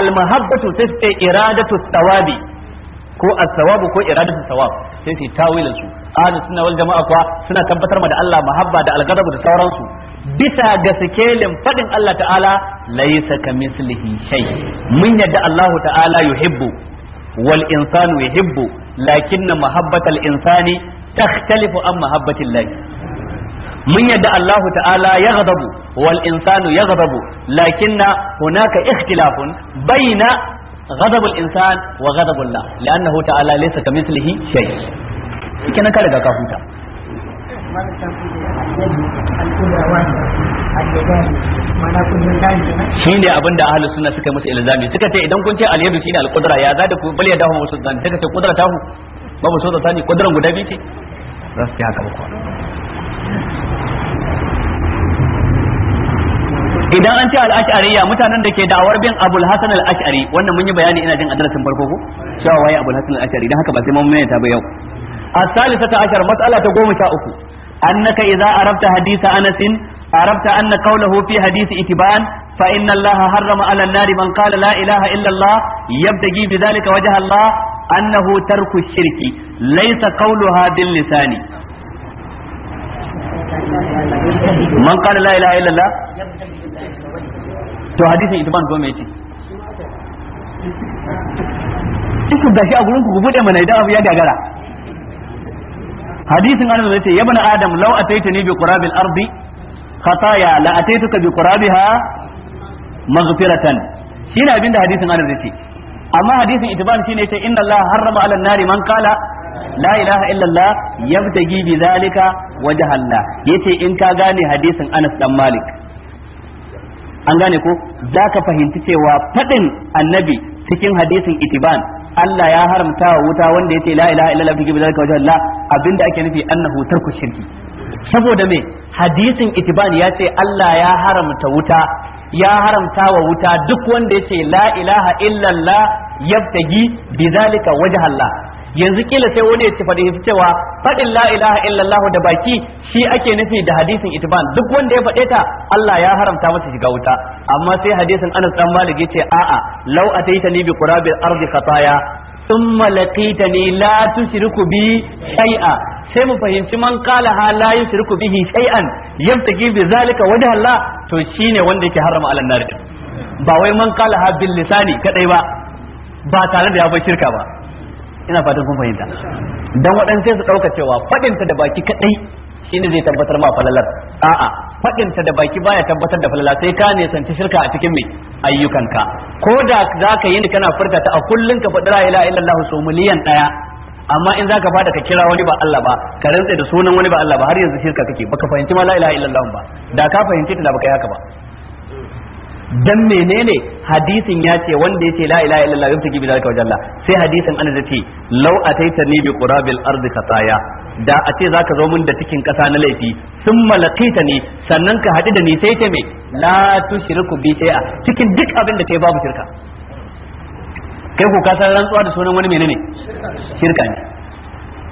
al-mahabbatu sai su ce iradatul thawabi ko as-sawabu ko iradatul thawab sai su yi tawilin su ahli sunna wal jama'a kuwa suna tabbatar ma da Allah mahabba da al-ghadabu da sauransu bisa ga sikelin fadin Allah ta'ala laisa mislihi shay mun yadda Allah ta'ala yuhibbu wal insanu yuhibbu lakinna mahabbatal insani takhtalifu an mahabbatil lahi mun yadda Allah ta'ala yaghdabu wal insanu yaghdabu lakinna hunaka ikhtilafun baina غضب الانسان وغضب الله لانه تعالى ليس كمثله شيء كنا كذا كفوتا shi ne abin da ahalus suna suka masa ilzami suka ce idan kun ce alyadu shine alqudra ya za ku bal yadahu mabsudan daga ce qudra tahu mabsuda tani qudran guda biyu ce za su yi haka ba idan an ce al-ash'ariyya mutanen da ke da'awar bin abul hasan al-ash'ari wannan mun yi bayani ina jin adresin farko ko cewa waye abul hasan al-ash'ari dan haka ba sai mun mai ta ba yau as-salisata ashar mas'ala ta 13 annaka idza arabta hadisa Anas arabta anna qawluhu fi hadisi itiba'an fa inna Allah harrama 'ala an man qala la ilaha illa Allah yabtaghi bidhalika wajha Allah annahu tarku shirki laysa qawluha bil lisani man qala la ilaha to hadisin itiba'an ko me yace Duk da shi a gurin ku bude mana idan abu ya gagara hadisin anas zai ce ya bani adam law ataitani bi qurabil ardi khataya la ataituka bi qurabiha maghfiratan shine abinda hadisin anas zai ce amma hadisin itiban shine yace inna allaha harrama ala nari man qala la ilaha illa allah yabtagi bi zalika wajha allah yace in ka gane hadisin anas dan malik an gane ko zaka fahimci cewa fadin annabi cikin hadisin itiban Allah ya haramta wa wuta wanda yace la ilaha illallah bi zalika wajh Allah abinda ake nufi annahu tarku shirki saboda me hadisin itibani ya ce Allah ya haramta wuta ya haramta wa wuta duk wanda yace la ilaha illallah yabtagi bi zalika wajh Allah yanzu kila sai wani ya ci cewa faɗin la ilaha illallah da baki shi ake nufi da hadisin itban duk wanda ya faɗe ta Allah ya haramta masa shiga wuta amma sai hadisin Anas dan Malik yace a'a law ataitani bi qurabil ardi khataya thumma laqitani la tushriku bi shay'a sai mu fahimci man qala ha la yushriku bihi shay'an yabtagi bi zalika wajha Allah to shine wanda yake harama alan nar ba wai man qala ha bil lisani kadai ba ba tare da ya bar shirka ba ina fatan kun fahimta dan waɗansu su ɗauka cewa faɗinta da baki kaɗai shine zai tabbatar ma falalar a'a faɗinta da baki baya tabbatar da falala sai ka ne santi shirka a cikin mai ayyukanka ko da za ka yi ni kana furta ta a kullun ka faɗi ra'ayi ilaha illallah so miliyan ɗaya amma in zaka fada ka kira wani ba Allah ba ka rantsa da sunan wani ba Allah ba har yanzu shirka kake baka fahimci ma la ilaha illallah ba da ka fahimci ta da baka yi haka ba dan menene hadisin ya ce wanda yace la ilaha illallah yamtaki bi zalika wajalla sai hadisin an zace law ataitani bi qurabil ardi khataya da a ce zaka zo mun da cikin kasa na laifi sun malakaita ni sannan ka hadu da ni sai ta me la tushriku bi shay'a cikin duk abin da kai babu shirka kai ko ka san rantsuwa da sunan wani menene shirka ne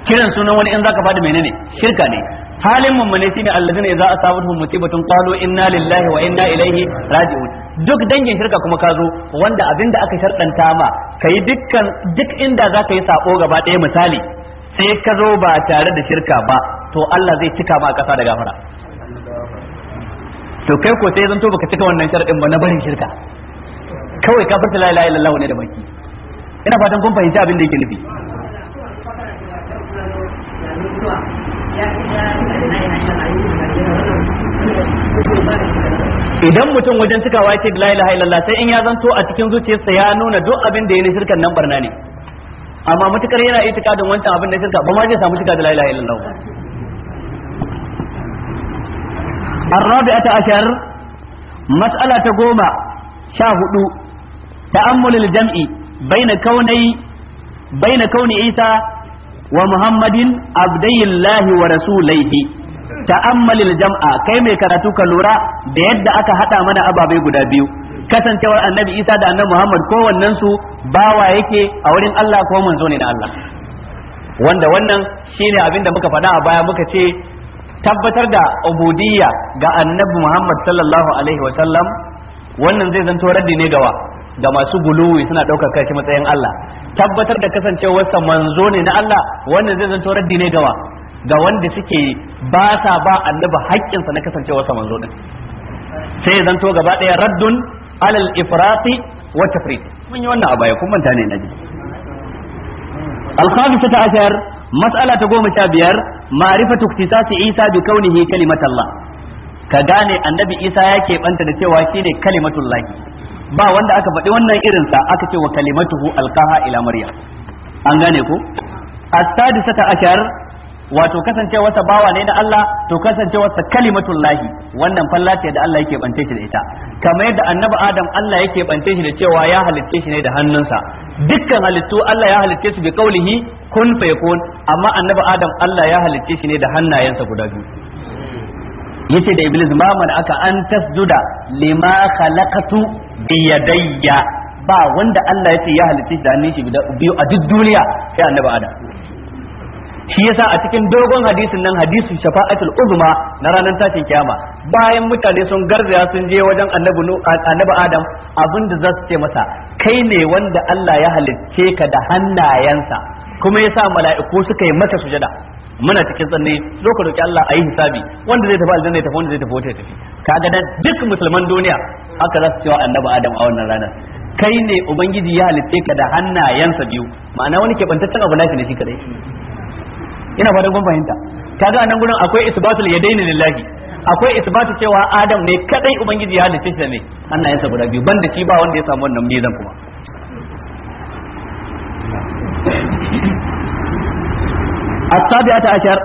kiran sunan wani in zaka fada menene shirka ne halin ne shine alladina idza asabatuhum musibatun qalu inna lillahi wa inna ilaihi raji'un duk dangin shirka kuma ka zo wanda abinda aka sharɗanta ma kai dukkan duk inda za ka yi sako gaba ɗaya misali sai ka zo ba tare da shirka ba to Allah zai cika ma ƙasa da gafara to kai ko sai zanto baka cika wannan sharɗin ba na barin shirka kawai furta la ilaha illallah ne da baki ina fatan kun fahimci abin da yake nufi idan mutum wajen cikawa yake la ilaha illallah sai in ya zanto a cikin zuciyarsa ya nuna duk abin da ya ne shirkan nan barna ne amma mutukar yana itikadin wancan abin da shirka ba ma zai samu cika da la ilaha illallah الرابعة عشر مسألة قوم شاهد تأمل الجمع بين كوني بين كون عيسى ومحمد عبدي الله ورسوليه ta'ammalil jam'a kai mai karatu ka lura da yadda aka hada mana ababai guda biyu kasancewar annabi isa da annabi muhammad wannan su bawa yake a wurin allah ko manzo ne na allah wanda wannan shine abin da muka faɗa a baya muka ce tabbatar da ubudiyya ga annabi muhammad sallallahu alaihi wa sallam wannan zai zanto raddi ne gawa ga masu guluwi suna ɗaukar kai matsayin allah tabbatar da kasancewar manzo ne na allah wannan zai zanto raddi ne gawa ga wanda suke ba sa ba annaba annabi sa na kasancewar sa manzo din sai ya zanto gaba daya raddun alal ifrati wa tafrit mun yi wannan a baya kun manta ne naji الخامسة عشر مسألة تقوم شابير معرفة اختصاص عيسى بكونه كلمة الله ka gane annabi isa ya banta da cewa shi ne kalimatun lahi ba wanda aka faɗi wannan irin sa aka ce wa kalimatuhu alkaha ila maryam an gane ko as-sadisata ashar wato kasancewarsa bawa ne na Allah to kasancewarsa kalimatul lahi wannan fallace ce da Allah yake bance shi da ita kamar yadda annabi Adam Allah yake bance shi da cewa ya halicce shi ne da hannunsa dukkan halittu Allah ya halitte su bi kaulihi kun fayakun amma annabi Adam Allah ya halitte shi ne da hannayensa guda biyu yace da iblis ma man aka an tasjuda lima khalaqatu bi yadayya ba wanda Allah yace ya halicce shi da hannun shi biyu a duk duniya sai annabi Adam shi yasa a cikin dogon hadisin nan hadisin shafa'atul uzma na ranar tashin kiyama bayan mutane sun garzaya sun je wajen annabi annabi adam abin da za su ce masa kai ne wanda Allah ya halicce ka da hannayensa kuma yasa mala'iku suka yi masa sujada muna cikin tsanne zo ka Allah a yi hisabi wanda zai tafi aljanna ya tafi wanda zai tafi wata ya tafi kaga dan duk musulman duniya haka za su cewa annabi adam a wannan ranar kai ne ubangiji ya halitte ka da hannayensa biyu ma'ana wani bantaccen abu lafi ne shi kadai ina fatan kun fahimta kaga anan gurin akwai isbatul yadaini lillahi akwai isbatu cewa adam ne kadai ubangiji ya halice shi ne hannayensa guda biyu banda shi ba wanda ya samu wannan mizan kuma السابعة عشر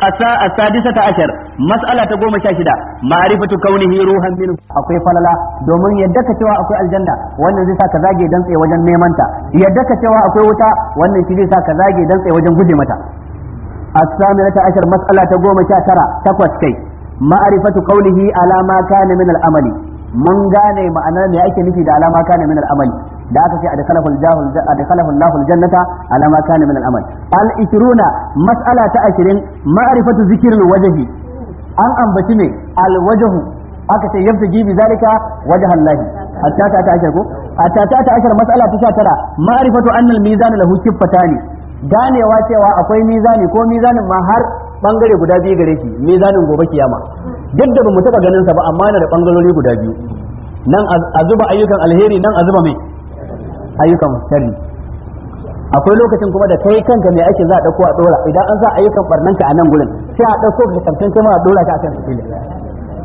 السادسة عشر مسألة تقوم شاشدة معرفة كونه روحا منه أقوي فللا دومن يدك سوا أقوي الجنة وأن زيسا كذاجي دنسي وجن ميمنتا يدك سوا أقوي وتا وأن زيسا كذاجي دنسي وجن قدمتا الثامنة عشر مسألة تقوم شاكرة تقوى كي معرفة قوله على ما كان من الأمل من قال ما أنا لأيك نفيد على ما كان من الأمل da aka ce adkhalahu Allahu aljannata ala ma kana min al al-ishruna mas'ala ta 20 ma'rifatu zikril wajhi an ambaci ne aka ce yabtaji jibi zalika wajha Allah hatta ta ta ko hatta ta ta mas'ala ta 19 ma'rifatu anna al-mizan lahu ne. ganewa cewa akwai mizani ko mizanin ma har bangare guda biyu gare shi mizanin gobe kiyama duk da bamu taba ganin sa ba amma yana da bangarori guda biyu nan a zuba ayyukan alheri nan a zuba mai ayyukan sharri akwai lokacin kuma da kai kanka mai ake za a dauko a dora idan an sa ayyukan barnanka a nan gurin sai a dauko ka karshen kai ma a dora ka akan su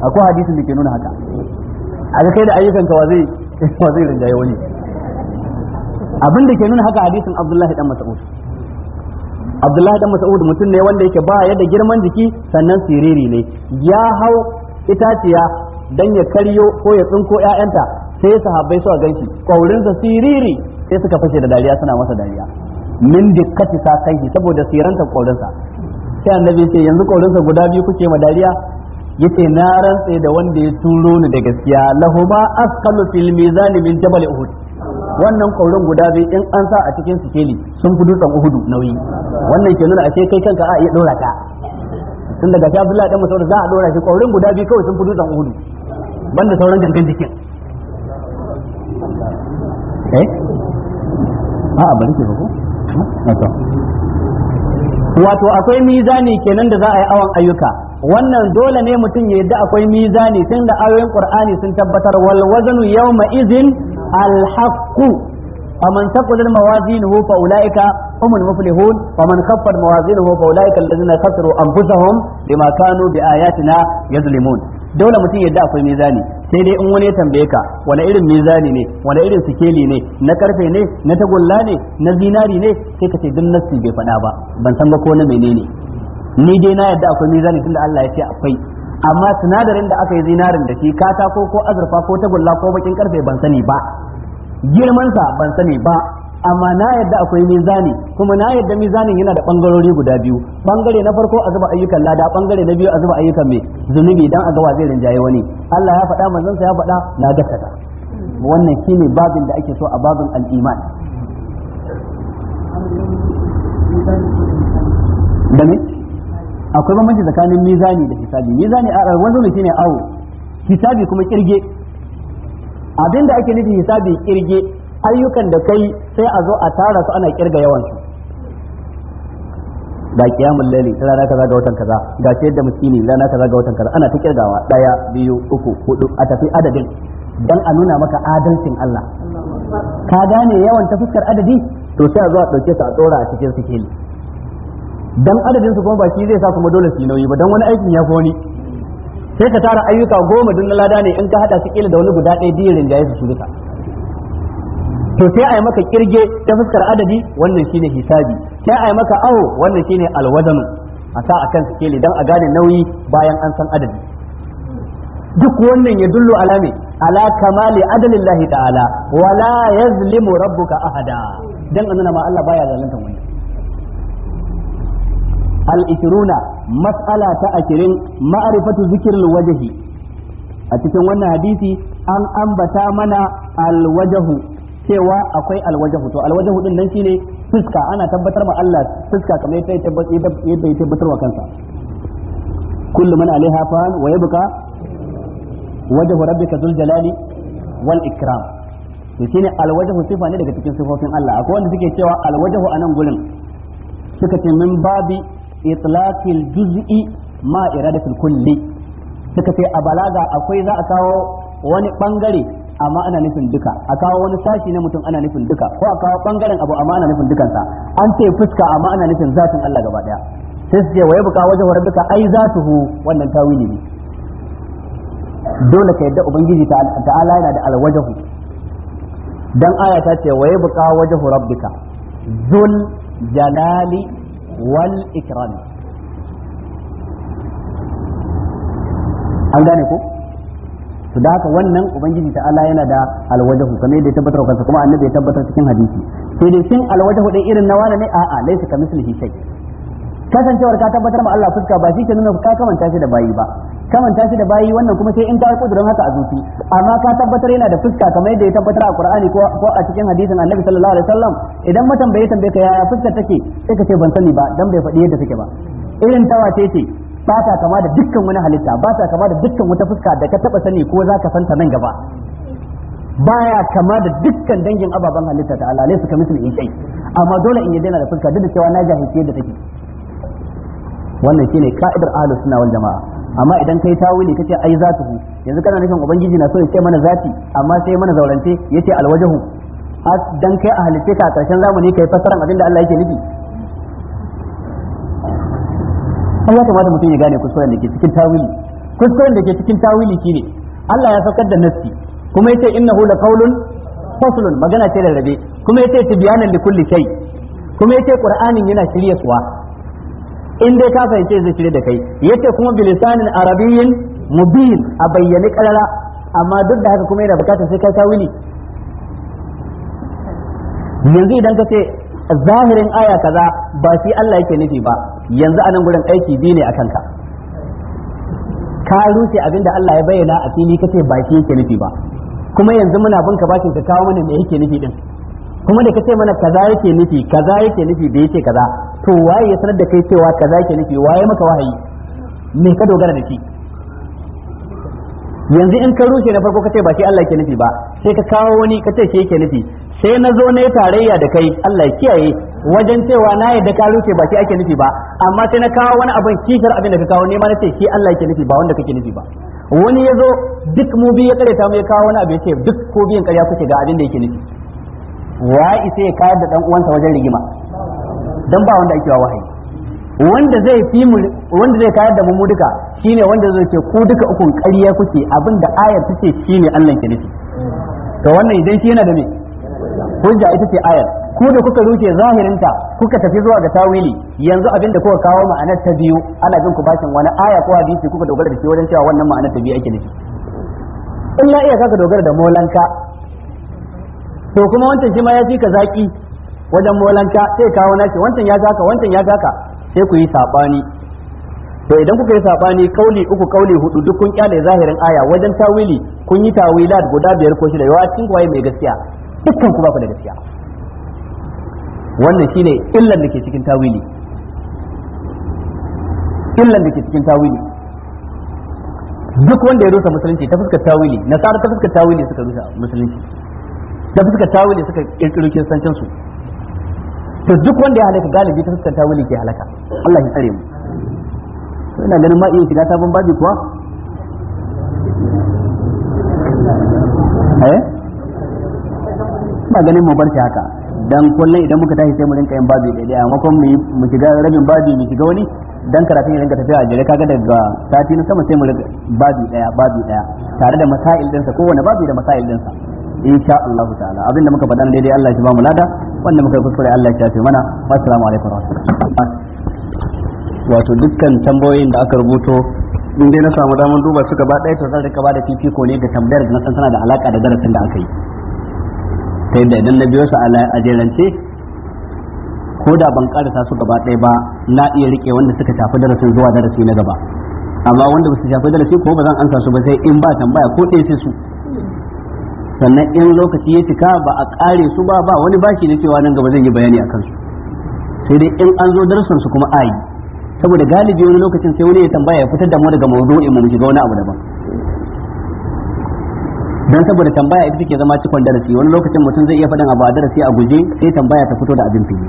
akwai hadisin da ke nuna haka a ga kai da ayyukanka wa zai wa zai rinjaye wani abin da ke nuna haka hadisin Abdullahi dan Mas'ud abdullahi dan mas'ud mutum ne wanda yake ba ya da girman jiki sannan siriri ne ya hau itaciya dan ya karyo ko ya tsinko ƴaƴanta sai sahabbai suka ganshi kaurinsa siriri sai suka fashe da dariya suna masa dariya min dikkati sa kai saboda siranta kaurinsa sai annabi ce yanzu sa guda biyu kuke ma dariya yace na rantse da wanda ya turo ni da gaskiya lahuma asqalu fil mizani min jabal uhud wannan ƙaurin guda biyu in an sa a cikin sikeli sun fi dutsen uhudu nauyi wannan ke nuna ce kai kanka a iya ɗora ka tun daga ta Abdullahi dan Mas'ud za a ɗora shi ƙaurin guda biyu kawai sun fi dutsen uhudu banda sauran gangan jikin eh bari ke ko wato akwai mizani kenan da za a yi awon ayyuka wannan dole ne mutum ya yadda akwai mizani tun da ayoyin qur'ani sun tabbatar wal yau yawma izin الحق فمن ثقلت الموازينه فأولئك هم المفلحون ومن خفت موازينه فأولئك الذين خسروا أنفسهم بما كانوا بآياتنا يظلمون dole mutum yadda da akwai mizani sai dai in wani ya tambaye ka wani irin mizani ne wani irin sikeli ne na karfe ne na tagulla ne na zinari ne sai ka ce duk nassi bai faɗa ba ban san ba ko na menene ni dai na yadda akwai mizani tunda Allah ya ce akwai amma sinadarin da aka yi zinarin da shi katako ko azurfa ko tagulla ko bakin karfe ban sani ba girmansa ban sani ba amma na yadda akwai mizani kuma na yadda mizanin yana da bangarori guda biyu bangare na farko a zuba ayyukan lada bangare na biyu a zuba ayyukan mai zunubi dan a ga wa zai rinjaye wani Allah ya faɗa manzon sa ya faɗa na gaskata wannan shine babin da ake so a babin al-iman akwai bambanci tsakanin mizani da hisabi mizani a wanzu ne shine awo hisabi kuma kirge Abin da ake nufi hisabi kirge ayyukan da kai sai a zo a tara su ana kirga yawan su ga kiyamul laili rana kaza ga watan kaza ga ce da miskini rana kaza ga watan kaza ana ta kirgawa daya biyu uku hudu a tafi adadin dan a nuna maka adalcin Allah ka gane yawan ta fuskar adadi to sai a zo a dauke su a tsora a cikin sikeli dan adadin su kuma ba shi zai sa kuma dole su nauyi ba dan wani aikin ya fi wani sai ka tara ayyuka goma dun lada ne in ka hada su kila da wani guda ɗaya biyu rinjaye su duka to sai a yi maka kirge ta fuskar adadi wannan shine hisabi sai a yi maka aho wannan shine alwazanu a sa a kan sikeli don a gane nauyi bayan an san adadi duk wannan ya dullo alame ala kamali adalillahi ta'ala wala yazlimu rabbuka ahada dan annana ma Allah baya zalunta wani al-ishruna mas'ala ta ashirin ma'rifatu zikril wajhi a cikin wannan hadisi an ambata mana al cewa akwai al-wajhu to al-wajhu din nan shine fuska ana tabbatar ma Allah fuska kamar yadda ya tabbatar kansa jalali wal ikram shine alwajhu sifa ne daga cikin sifofin Allah akwai wanda suke cewa alwajahu a nan gurin suka ce min babi itlaqil juz'i ma iradatul kulli suka ce a balaga akwai za a kawo wani bangare amma ana nufin duka a kawo wani sashi na mutum ana nufin duka ko a kawo bangaren abu amma ana nufin dukansa an ce fuska amma ana nufin zatin Allah gaba daya sai su ce buka wajen wajhu duka ai hu, wannan tawili ne dole ka yadda ubangiji ta'ala yana da alwajahu dan aya ta ce wa yabqa wajhu rabbika zul jalali wal ikram an gane ko to da haka wannan ubangiji ala yana da alwajahu kamar yadda ya tabbatar kansa kuma annabi ya tabbatar cikin hadisi sai dai sun alwajahu din irin na wani ne a'a laysa kamislihi shi. kasancewar ka tabbatar ma Allah fuska ba shi ke nuna ka kamanta shi da bayi ba kamanta shi da bayi wannan kuma sai in ta kudurin haka a zuci amma ka tabbatar yana da fuska kamar yadda ya tabbatar a Qur'ani ko ko a cikin hadisin Annabi sallallahu alaihi wasallam idan bai tambaye ka yaya fuska take sai ka ce ban sani ba dan bai faɗi yadda take ba irin wace ce ba ta kama da dukkan wani halitta ba ta kama da dukkan wata fuska da ka taba sani ko zaka ka ta nan gaba baya kama da dukkan dangin ababen halitta ta Allah laysa kamithlihi shay amma dole in ya daina da fuska duk da cewa na jahilci yadda take wannan shine ka'idar ahlus sunna wal jamaa amma idan kai tawili kace ai zatuhu yanzu kana nufin ubangiji na so ya ce mana zati amma sai mana zaurante yace alwajahu dan kai a halitta ka karshen zamani kai fasaran abin da Allah yake nufi Allah ya kamata mutum ya gane kuskuren da ke cikin tawili kuskuren da ke cikin tawili shine Allah ya saukar da nassi kuma yace innahu laqawlun fasulun magana ce da rabe kuma yace tibyanan likulli shay kuma yace qur'anin yana kuwa. in dai ka fahimce zai shirye da kai yace kuma bilisanin arabiyyin mubin a bayyane karara amma duk da haka kuma yana bukatar sai kai tawili yanzu idan ka ce zahirin aya kaza ba shi Allah yake nufi ba yanzu anan gurin aiki biyu ne akan ka ka rushe abinda Allah ya bayyana a fili kace ba shi yake nufi ba kuma yanzu muna bin ka bakin ka kawo mana me yake nufi din kuma da kace mana kaza yake nufi kaza yake nufi da yake kaza to waye ya sanar da kai cewa kaza ke nufi waye maka wahayi me ka dogara da shi yanzu in ka rushe na farko ka ce ba shi Allah ke nufi ba sai ka kawo wani ka ce shi yake nufi sai na zo na yi tarayya da kai Allah ya kiyaye wajen cewa na yadda ka rushe ba shi ake nufi ba amma sai na kawo wani abin kishar abin da ka kawo nema na ce shi Allah yake nufi ba wanda kake nufi ba wani ya zo duk mu biyu ya karyata mu ya kawo wani abu ce duk ko biyan karya kuke ga abin da yake nufi wa isa ya kayar da dan uwansa wajen rigima dan ba wanda ake wa wahayi wanda zai fi mu wanda zai kayar da mu duka shine wanda zai ce ku duka ukun ƙarya kuke abinda ayar take shine Allah ke nufi to wannan idan shi yana da me hujja ita ce ayar ku da kuka ruke zahirinta kuka tafi zuwa ga tawili yanzu abinda kuka kawo ma'anar ta biyu ana jin ku bashin wani aya ko hadisi kuka dogara da shi wajen cewa wannan ma'anar ta biyu ake nufi in iya kaka dogara da molanka to kuma wancan shi ma ya fi ka zaki wajen molanta sai kawo nashi wancan ya jaka wancan ya jaka sai ku yi sabani to idan kuka yi sabani kauli uku kauli hudu duk kun kyale zahirin aya wajen tawili kun yi tawilat guda biyar ko shida yawa cikin kwaye mai gaskiya dukkan ku ba ku da gaskiya wannan shine illan da ke cikin tawili illan da ke cikin tawili duk wanda ya rusa musulunci ta fuskar tawili nasara ta fuskar tawili suka rusa musulunci ta fuskar tawili suka kirkiro kiristancin su to duk wanda ya halaka galibi ta fuskanta wani ke halaka Allah ya tsare mu to ina ganin ma iya shiga sabon babi kuwa eh ba ganin mu bar shi haka dan kullun idan muka tashi sai mu rinka yin babi daidai amma kuma mu mu shiga rabin babi mu shiga wani dan karatun ya rinka tafiya a jere kaga daga sati na sama sai mu rinka babi daya babi daya tare da masail sa kowanne babi da masail sa. insha Allah ta'ala abin da muka faɗa daidai Allah ya ba mu lada wanda muka kuskure Allah ya fi mana assalamu alaikum warahmatullahi wato dukkan tambayoyin da aka rubuto in dai na samu damar duba su gaba ɗaya to zan rika bada fifiko ne ga tambayar da na san tana da alaka da darasin da aka yi ta yadda idan na biyo su a jerance ko da ban karasa su gaba ɗaya ba na iya rike wanda suka shafi darasin zuwa darasi na gaba amma wanda ba su shafi darasi ko ba zan ansa su ba sai in ba tambaya ko ɗaya sai su sannan yan lokaci ya cika ba a kare su ba ba wani bashi da cewa nan gaba zan yi bayani akan su sai dai in an zo darsan su kuma ayi saboda galibi wani lokacin sai wani ya tambaya ya fitar da mu daga in mu shiga wani abu daban dan saboda tambaya ita take zama cikon darasi wani lokacin mutum zai iya faɗin abu a darasi a guje sai tambaya ta fito da abin fili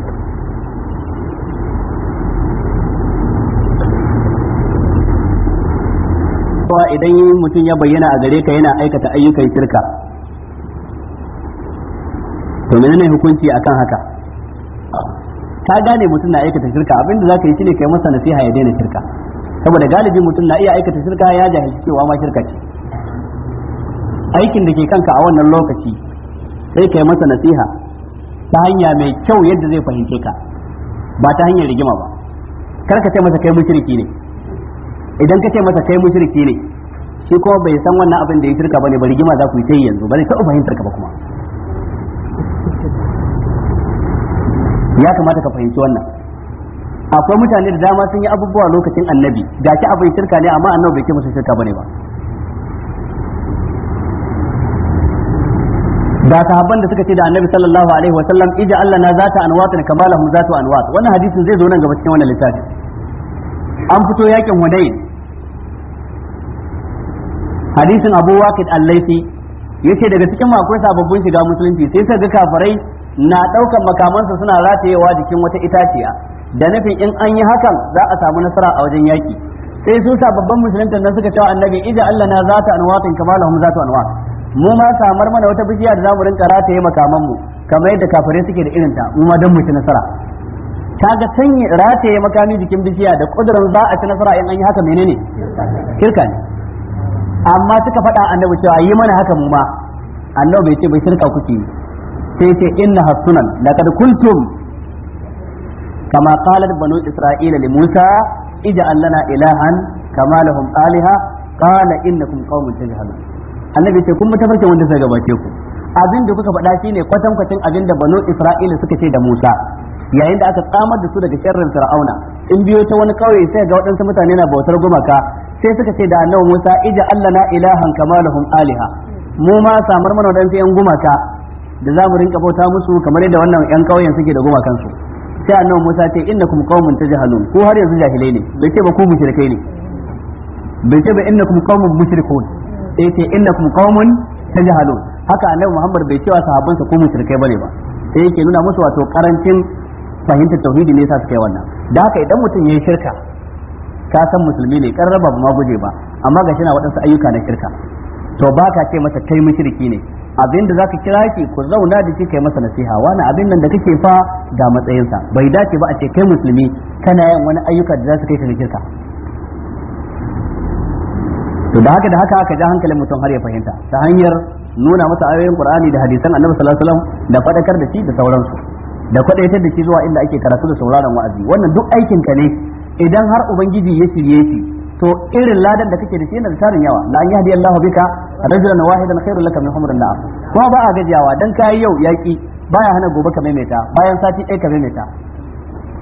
idan mutum ya bayyana a gare ka yana aikata ayyukan shirka to menene hukunci akan haka ka gane mutum na aikata shirka abinda zaka yi shine kai masa nasiha ya daina shirka saboda galibi mutum na iya aikata shirka ya jahilci cewa ma shirka ce aikin da ke kanka a wannan lokaci sai kai masa nasiha ta hanya mai kyau yadda zai fahimce ka ba ta hanyar rigima ba kar ka ce masa kai mushriki ne idan ka ce masa kai mushriki ne shi kuma bai san wannan abin da ya shirka bane ba rigima za ku yi ta yanzu ba zai taɓa fahimtar ka ba kuma ya kamata ka fahimci wannan akwai mutane da dama sun yi abubuwa lokacin annabi da ki abin shirka ne amma annabi bai ce musu shirka bane ba da sahabban da suka ce da annabi sallallahu alaihi wa sallam ija Allah na zata anwatin kama lahum zatu anwat wannan hadisin zai zo nan gaba cikin wannan littafi an fito yakin Hunayn hadisin Abu Waqid al-Laythi yace daga cikin makon sababbin shiga musulunci sai suka ga kafirai na daukan makamansa suna ratayewa jikin wata itaciya da nufin in an yi hakan za a samu nasara a wajen yaki sai su sababbin musulunta nan suka cewa annabi idan Allah na zata anwatin kama lahum zata anwa mu ma samar mana wata bishiya da zamu rinka rataye makaman mu kamar yadda kafirai suke da irin ta mu ma dan mu ci nasara kaga sanya rataye makami jikin bishiya da kudurin za a ci nasara in an yi haka menene kirka ne amma suka faɗa annabi cewa yi mana haka mu ma annabi bai ce bai shirka kuke sai ce inna hasunan laqad kuntum kama qalat banu isra'ila li musa ij'al lana ilahan kama lahum aliha qala innakum qaumun tajhalun annabi ce kun mutafarkin wanda sai gabace ku abin da kuka faɗa shine kwatan kwatan abin da banu isra'ila suka ce da musa yayin da aka tsamar da su daga sharrin fir'auna in biyo ta wani kauye sai ga waɗansu mutane na bautar gumaka sai suka ce da annabi Musa ija allana ilahan kama lahum aliha mu ma samar mana wadansu yan gumaka da za mu rinka bauta musu kamar yadda wannan yan kauyen suke da gumakan su sai annabi Musa ce innakum qaumun tajhalun ko har yanzu jahilai ne bai ce ba ku mushrikai ne bai ce ba innakum qaumun mushrikun eh, sai ce innakum qaumun tajhalun haka annabi Muhammad bai cewa sahabbansa ko mushrikai bane ba sai yake nuna musu wato karancin fahimtar tauhidi ne yasa suka yi wannan da haka idan mutum yayi shirka ka san musulmi ne kan raba ma guje ba amma ga shi na waɗansu ayyuka na shirka to ba ka ce masa kai mushriki ne abin da zaka kira shi ku zauna da shi kai masa nasiha wani abin nan da kake fa ga matsayinsa bai dace ba a ce kai musulmi kana yin wani ayyuka da za kai ka shirka to da haka da haka aka ja hankalin mutum har ya fahimta ta hanyar nuna masa ayoyin qur'ani da hadisan annabi sallallahu alaihi wasallam da fadakar da shi da sauransu da kwadaitar da shi zuwa inda ake karatu da sauraron wa'azi wannan duk aikin ka ne idan har ubangiji ya shirye shi to irin ladan da kake da shi yana da tarin yawa la an yahdi Allahu bika rajulan wahidan khairul laka min humrin na'am kuma ba a gajiyawa dan kai yau yaki baya hana gobe ka maimaita bayan sati ɗaya ka maimaita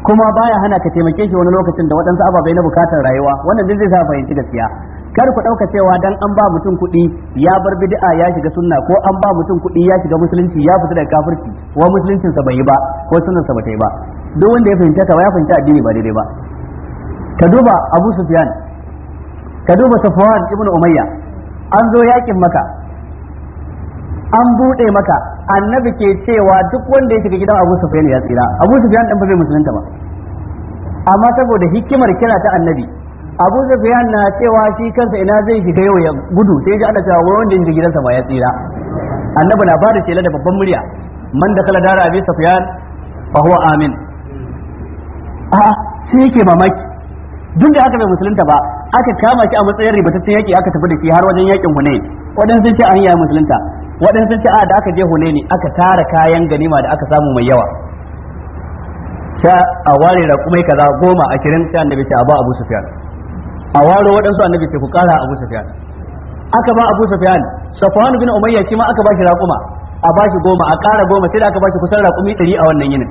kuma baya hana ka taimake shi wani lokacin da waɗansu ababai na bukatar rayuwa wannan duk zai sa fahimci gaskiya kar ku ɗauka cewa dan an ba mutum kuɗi ya bar bid'a ya shiga sunna ko an ba mutum kuɗi ya shiga musulunci ya fita daga kafirci wa musuluncinsa sa bai yi ba ko sunnan sa ta yi ba duk wanda ya fahimta ka ya fahimta addini ba daidai ba ka duba abu sufyan ka duba safwan ibn umayya an zo yakin maka an bude maka annabi ke cewa duk wanda ya shiga gidan abu sufyan ya tsira abu sufyan din ba zai musulunta ba amma saboda hikimar kira ta annabi abu sufyan na cewa shi kansa ina zai shiga yau ya gudu sai ji ana cewa wanda ya shiga gidansa ba ya tsira annabi na bada shela da babban murya man da kala dara abi sufyan fa huwa amin a shi ke mamaki duk da haka bai musulunta ba aka kama shi a matsayin ribatattun yaki aka tafi da shi har wajen yakin hunain waɗansu sun ce an yi musulunta waɗansu sun ce a da aka je ne aka tara kayan ganima da aka samu mai yawa sha a ware da kuma kaza goma a kirin sai annabi ce a ba Abu sufiyan a ware waɗansu annabi ce ku kara Abu sufiyan aka ba Abu sufiyan Safwan bin Umayya ma aka ba shi raƙuma a ba shi goma a ƙara goma sai da aka ba shi kusan raƙumi ɗari a wannan yinin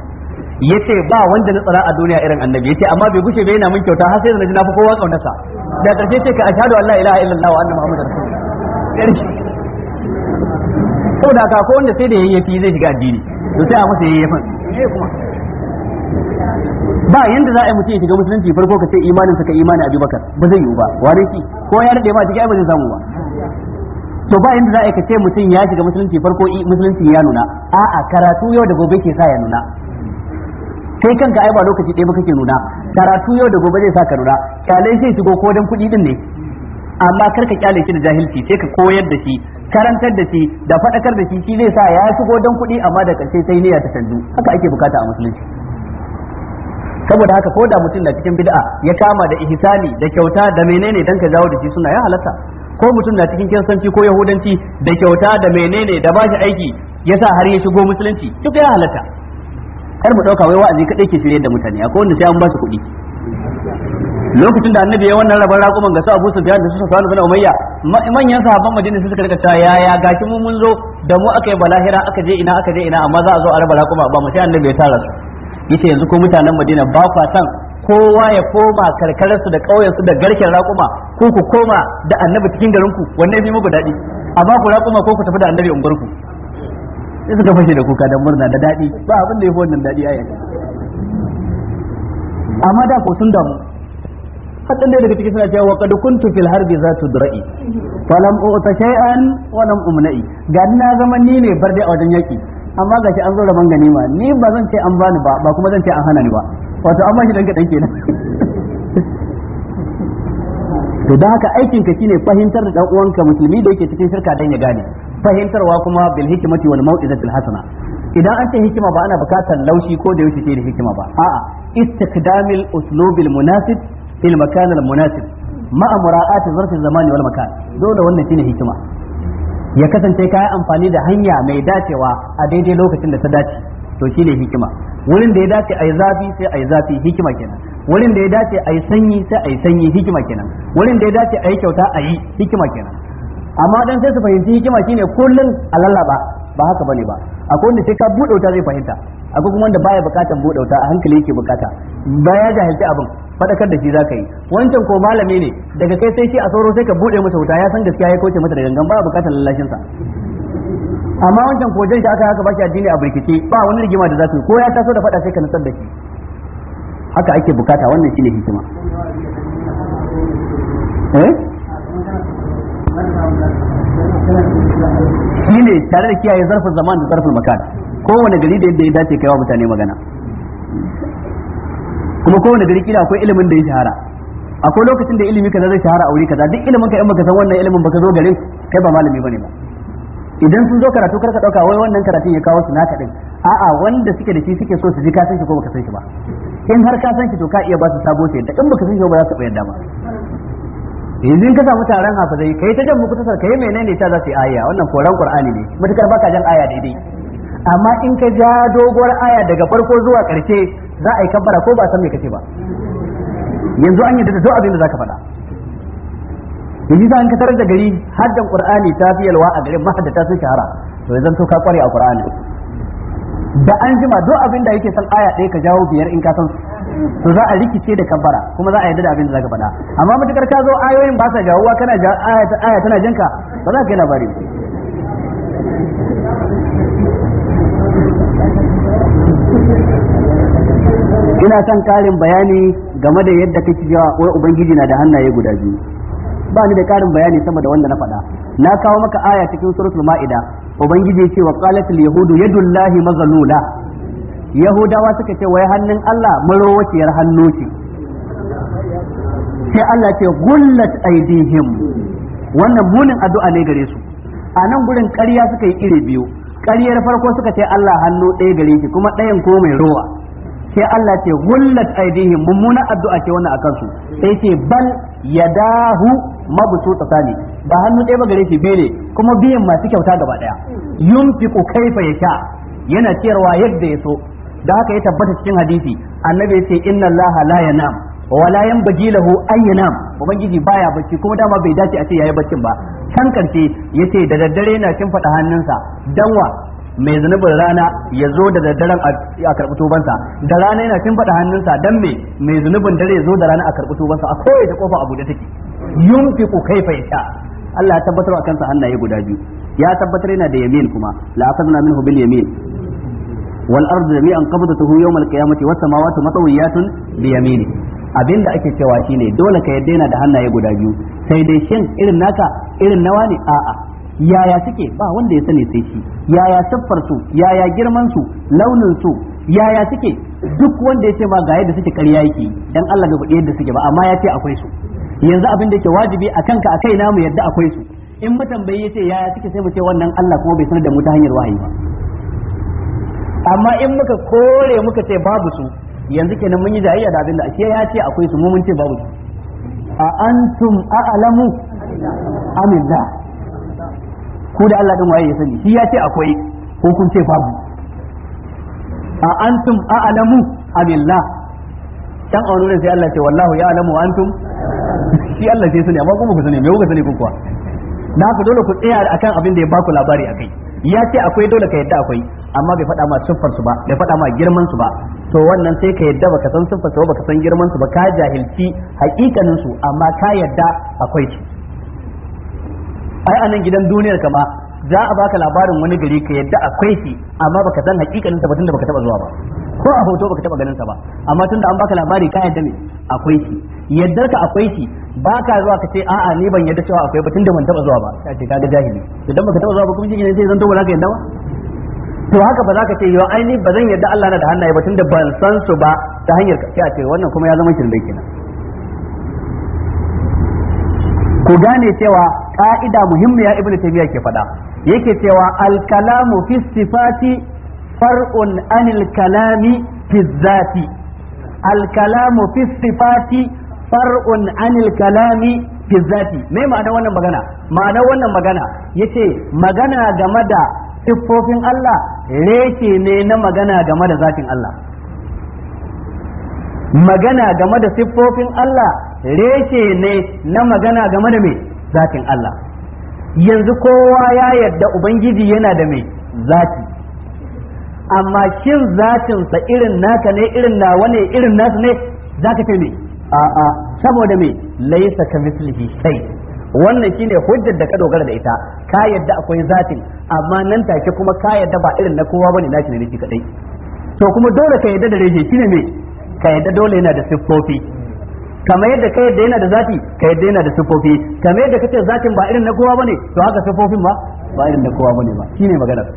yace ba wanda na tsara a duniya irin annabi yace amma bai gushe bai yana min kyauta har sai da naji na fi kowa sa da karshe ce ka ashhadu an la ilaha illallah wa anna muhammadar rasulullah da ka ko wanda sai da yayyafi zai shiga addini to sai a masa yayyafin ba yanda za a yi mutum ya shiga musulunci farko ka ce imanin sa ka imanin abubakar ba zai yiwu ba wane shi ko ya rade ma shiga ba zai samu ba to ba yanda za a yi ka ce mutum ya shiga musulunci farko musulunci ya nuna a'a karatu yau da gobe ke sa ya nuna Sai kanka ai ba lokaci ɗaya ba kake nuna karatu yau da gobe zai sa ka nuna kyalai zai shigo ko dan kuɗi din ne amma kar ka kyale shi da jahilci sai ka koyar da shi karantar da shi da faɗakar da shi shi zai sa ya shigo dan kuɗi amma da ƙarshe sai niyya ta canju haka ake bukata a musulunci saboda haka ko da mutum na cikin bid'a ya kama da ihsani da kyauta da menene dan ka jawo da shi suna ya halatta ko mutum na cikin kiristanci ko yahudanci da kyauta da menene da ba shi aiki yasa har ya shigo musulunci duk ya halatta kar mu dauka wai wa'azi kadai ke shirye da mutane akwai wanda sai an ba su kuɗi lokacin da annabi ya wannan rabar raƙuman ga su Abu Sufyan da su Sufyan bin Umayya manyan sahabban Madina suka rika cewa yaya gashi mu mun zo da mu aka yi balahira aka je ina aka je ina amma za a zo a raba raƙuma ba mu sai annabi ya tara su yace yanzu ko mutanen Madina ba kwa san kowa ya koma karkararsu da su da garken raƙuma ko ku koma da annabi cikin garinku wannan ya fi muku daɗi a ku raƙuma ko ku tafi da annabi unguwarku sai suka fashe da kuka dan murna da daɗi ba abin da ya fi wannan daɗi ayyana amma da ko sun damu hatta daga cikin suna cewa wa kuntu fil harbi tu dra'i falam uta shay'an wa lam umna'i ga na zama ni ne bar dai a wajen yaki amma gashi an zo da ma ni ba zan ce an bani ba ba kuma zan ce an hana ni ba wato amma shi dan gadan kenan to da haka aikin ka shine fahimtar da dan uwanka musulmi da yake cikin shirka dan ya gane fahimtarwa kuma bil hikmati wal mau'izatil hasana idan an ce hikima ba ana bukatar laushi ko da yaushe ce da hikima ba a'a istikdamil uslubil munasib fil makan al munasib ma'a mura'ati zarfi zamani wal makan dole wannan shine hikima ya kasance kai amfani da hanya mai dacewa a daidai lokacin da ta dace to shine hikima wurin da ya dace ai zafi sai ai zafi hikima kenan wurin da ya dace ai sanyi sai ai sanyi hikima kenan wurin da ya dace ai kyauta ai hikima kenan amma dan sai su fahimci hikima shine kullun alalla ba ba haka bane ba akwai wanda sai ka bude wuta zai fahimta akwai kuma wanda baya bukatan bude wuta a hankali yake bukata baya jahilci abin fadakar da shi zaka yi wancan ko malami ne daga kai sai shi a sauro sai ka bude masa wuta ya san gaskiya ya kauce masa da gangan ba bukatan lallashin sa amma wancan ko jan shi aka haka bashi addini a burkice ba wani rigima da zaka yi ko ya taso da fada sai ka nutsar da shi haka ake bukata wannan shine hikima eh ne tare da kiyaye zarfin zaman da zarfin makan kowane gari da yadda ya dace kaiwa mutane magana kuma kowane gari kila akwai ilimin da ya shahara akwai lokacin da ilimi kaza zai shahara a wuri kaza duk ilimin ka in baka san wannan ilimin baka zo garin kai ba malami bane ba idan sun zo karatu kar ka dauka wai wannan karatun ya kawo su naka din a'a wanda suke da shi suke so su ji ka san shi ko baka san shi ba in har ka san shi to ka iya ba su sabo sai da in baka san shi ba za su da ba yanzu in ka samu taron hafizai kai ta jan mukutasar kai menene ta za su yi aya wannan koran qur'ani ne mutakar baka jan aya daidai amma in ka ja doguwar aya daga farko zuwa karshe za a yi kabbara ko ba san me kace ba yanzu an yadda da duk abin da zaka faɗa yanzu za a ka tarar da gari haddan qur'ani ta fi yalwa a garin ta sun shahara to yanzu to ka kware a qur'ani da an jima duk abin da yake san aya ɗaya ka jawo biyar in ka san su. to za a rikice da kabara kuma za a yarda da abin da zaka faɗa amma matukar ka zo ayoyin ba sa jawuwa kana aya tana jinka ba za ka yi labari ina son karin bayani game da yadda kake cewa wai ubangiji na da hannaye guda biyu ba ni da karin bayani sama da wanda na faɗa na kawo maka aya cikin suratul ma'ida ubangiji ya ce wa qalat al yahudu yadullahi mazalula yahudawa suka ce wai hannun Allah murwaciyar hannu ce sai Allah ce gullat aidihim wannan munin addu'a ne gare su a nan gurin ƙarya suka yi iri biyu ƙaryar farko suka ce Allah hannu ɗaya gare shi kuma ɗayan ko mai rowa sai Allah ce gullat aidihim mummunan addu'a ce wannan akan su sai ce bal yadahu mabsuta sani ba hannu ɗaya ba gare shi bene kuma biyan masu kyauta gaba ɗaya yunfiqu kaifa yasha yana ciyarwa yadda ya so da haka ya tabbata cikin hadisi annabi ya ce inna Allah la yanam wa la yanbaghi lahu ay yanam ubangiji baya bacci kuma dama bai dace a ce yayi baccin ba can yace da daddare yana kin fada hannunsa danwa mai zunubin rana ya zo da daddaren a karɓi tubansa da rana yana kin fada hannunsa dan me mai zunubin dare ya zo da rana a karɓi tubansa a ta kofa abu da take yunfiqu kaifa yasha Allah ya tabbatar wa kansa hannaye guda biyu ya tabbatar yana da yamin kuma la akhadna minhu bil yamin والارض جميعا jami'an يوم القيامه والسماوات مطويات بيمينه samawati matawiyatun abin da ake cewa shine dole ka yaddaina yana da hannaye guda biyu sai dai shin irin naka irin nawa ne a'a yaya suke ba wanda ya sani sai shi yaya siffar su yaya girman su launin su yaya suke duk wanda ya ce ma ga yadda suke ƙarya yake dan Allah bai faɗi yadda suke ba amma ya ce akwai su yanzu abin da ke wajibi a kanka a kai namu yadda akwai su in mu ya ce yaya suke sai mu ce wannan Allah kuma bai sanar da mu ta hanyar wahayi ba amma in muka kore muka ce babu su yanzu kenan mun yi jayayya da abin da ashe ya ce akwai su mu mun ce babu su a antum a'lamu amillah ku da Allah din waye ya sani shi ya ce akwai ko kun ce babu a antum a'lamu amillah dan a wani sai Allah ce wallahu ya alamu wa antum shi Allah sai sani amma kuma ku sani me kuka sani ku kuwa na ku dole ku tsaya akan abin da ya baku labari akai ya ce akwai dole ka yadda akwai amma bai faɗa ma siffar su ba bai faɗa ma girman su ba to wannan sai ka yadda baka san siffar su baka san girman su ba ka jahilci hakikanin su amma ka yadda akwai su ai anan gidan duniyar kama za a baka labarin wani gari ka yadda akwai shi amma baka san hakikanin sa ba tunda baka taba zuwa ba ko a hoto baka taba ganin sa ba amma tunda an baka labari ka yadda ne akwai shi yaddar ka akwai shi ba ka zuwa ka ce a'a ni ban yadda cewa akwai ba tunda ban taba zuwa ba ka ce ga jahili idan baka taba zuwa ba kuma shi ne sai zan ba za ka yadda ba to haka ba za ka ce yo ai ni ba zan yadda Allah na da hannaye ba tunda ban san su ba ta hanyar ka sai a ce wannan kuma ya zama dai kenan ku gane cewa ka'ida muhimmiya ibnu taymiya ke faɗa yake cewa al kalamu fi sifati far'un anil kalami fi zati al kalamu fi sifati far'un anil kalami fi zati me ma'ana wannan magana ma'ana wannan magana yace magana game da siffofin Allah reke ne na magana game da zatin Allah magana game da siffofin Allah reke ne na magana game da me zatin Allah yanzu kowa ya yarda ubangiji yana da me zati amma shin zatinsa irin naka ne irin nawa ne irin nasu ne zaka kai me a'a saboda me laisa ka mislihi sai wannan shine hujjar da ka dogara da ita ka yadda akwai zatin amma nan take kuma ka yadda ba irin na kowa bane naki ne kadai to kuma dole ka yadda da reje shine me ka yadda dole yana da siffofi kamar yadda ka yadda yana da zati ka yadda yana da siffofi kamar yadda kace zatin ba irin na kowa bane to haka siffofin ba ba irin na kowa bane ba shine maganar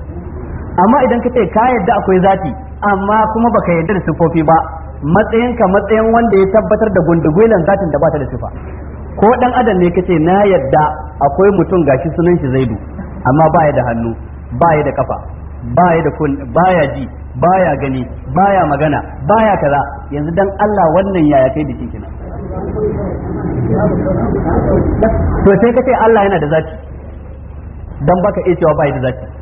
amma idan kace ka yadda akwai zati amma kuma baka yadda da siffofi ba matsayinka matsayin wanda ya tabbatar da gundugwilan zatin da bata da sifa ko dan adam ne kace na yadda akwai mutum gashi sunan shi zaidu amma ba ya da hannu ba ya da kafa ya da kun ya ji ba ya gani ba ya magana ba ya kaza yanzu dan Allah wannan yaya kai da kina to sai kace Allah yana da zati dan baka iya cewa ya da zati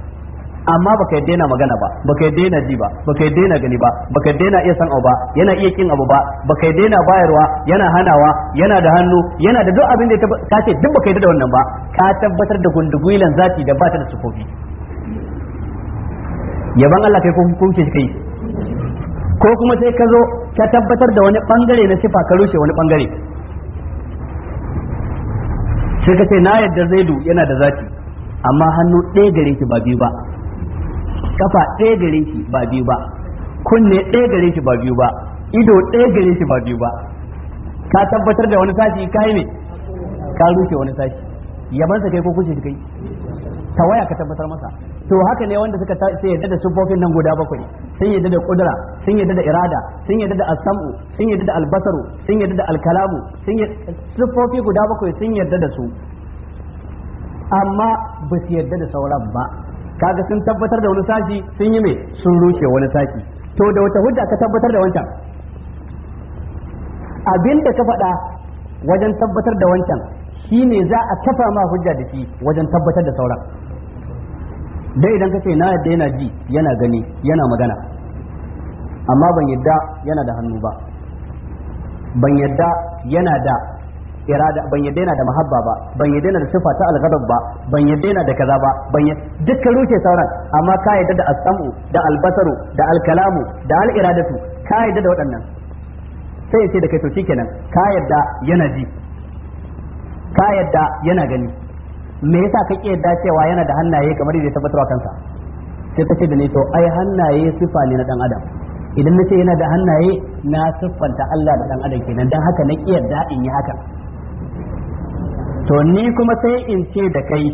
amma baka yadda yana magana ba baka yadda yana ji ba baka yadda yana gani ba baka yadda yana iya san abu ba yana iya kin abu ba baka yadda yana bayarwa yana hanawa yana da hannu yana da duk abin da ka ce duk baka yadda da wannan ba ka tabbatar da gundugulan zati da bata da sufofi yaban Allah kai ko hukunce kai ko kuma sai ka zo ka tabbatar da wani bangare na sifa ka rushe wani bangare sai ka ce na yadda zaidu yana da zati amma hannu ɗaya gare ki ba biyu ba kafa ɗaya gare shi ba biyu ba kunne ɗaya gare shi ba biyu ba ido ɗaya gare shi ba biyu ba ka tabbatar da wani sashi ka yi ne ka rushe wani sashi yabansa kai ko kushe kai ta waya ka tabbatar masa to haka ne wanda suka sai yadda da sufofin nan guda bakwai sun yadda da kudura sun yadda da irada sun yadda da asamu sun yadda da albasaru sun yadda da alkalamu sun sufofi guda bakwai sun yadda da su amma ba su yadda da sauran ba kaga sun tabbatar da wani sashi sun yi mai sun rushe wani sashi to da wata hujja ka tabbatar da wancan abin da ka faɗa wajen tabbatar da wancan ne za a kafa ma hujja da shi wajen tabbatar da sauran dai idan ka ce na yadda yana ji yana gani yana magana amma ban yadda yana da hannu ba ban yadda yana da irada ban yadda yana da mahabba ba ban yadda yana da sifa ta alghadab ba ban yadda yana da kaza ba ban dukkan ruke sauran amma ka yadda da as-sam'u da al-basaru da al-kalamu da al-iradatu ka yadda da waɗannan sai ya da kai to shikenan ka yadda yana ji ka yadda yana gani me yasa kake yadda cewa yana da hannaye kamar yadda ya tabbatar kansa sai ta ce da ni to ai hannaye sifa ne na dan adam idan na ce yana da hannaye na siffanta Allah da dan adam kenan dan haka na kiyar yarda in yi haka to ni kuma sai in ce da kai